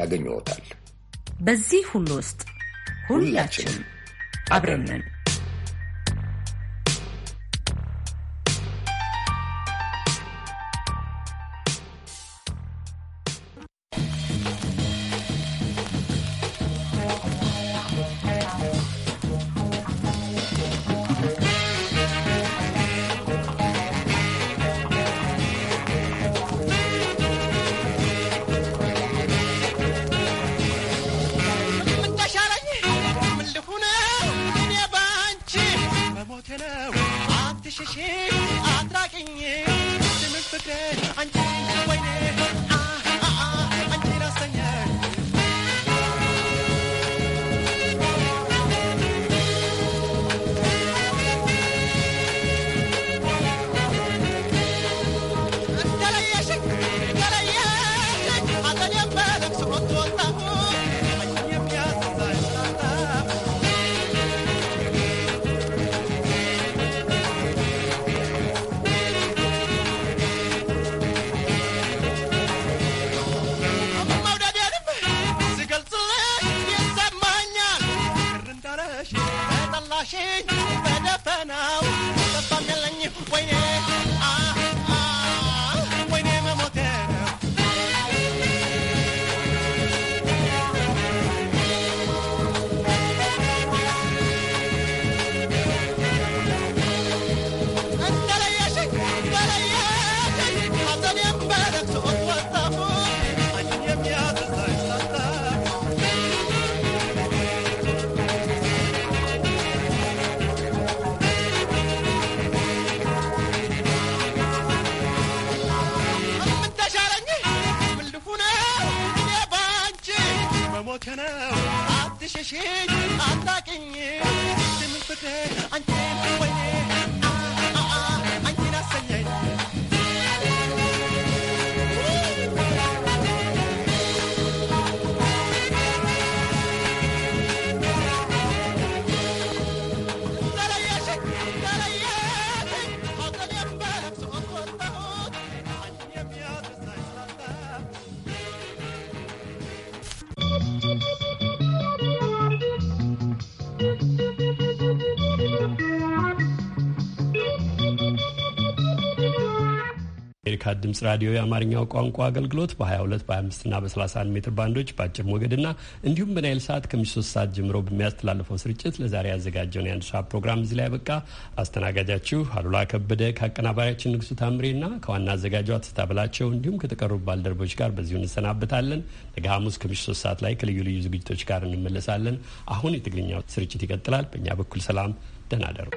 ያገኝዎታል። በዚህ ሁሉ ውስጥ ሁላችንም አብረንን የአሜሪካ ድምጽ ራዲዮ የአማርኛው ቋንቋ አገልግሎት በ22 በ25ና በ31 ሜትር ባንዶች በአጭር ሞገድ ና እንዲሁም በናይል ሰዓት ከምሽቱ 3 ሰዓት ጀምሮ በሚያስተላልፈው ስርጭት ለዛሬ ያዘጋጀውን የአንድ ሰዓት ፕሮግራም እዚህ ላይ ያበቃ። አስተናጋጃችሁ አሉላ ከበደ ከአቀናባሪያችን ታምሬ ና ከዋና አዘጋጇ ትስታ ብላቸው እንዲሁም ከተቀሩ ባልደረቦች ጋር በዚሁ እንሰናበታለን። ነገ ሐሙስ ከምሽቱ 3 ሰዓት ላይ ከልዩ ልዩ ዝግጅቶች ጋር እንመለሳለን። አሁን የትግርኛው ስርጭት ይቀጥላል። በእኛ በኩል ሰላም፣ ደህና ደሩ።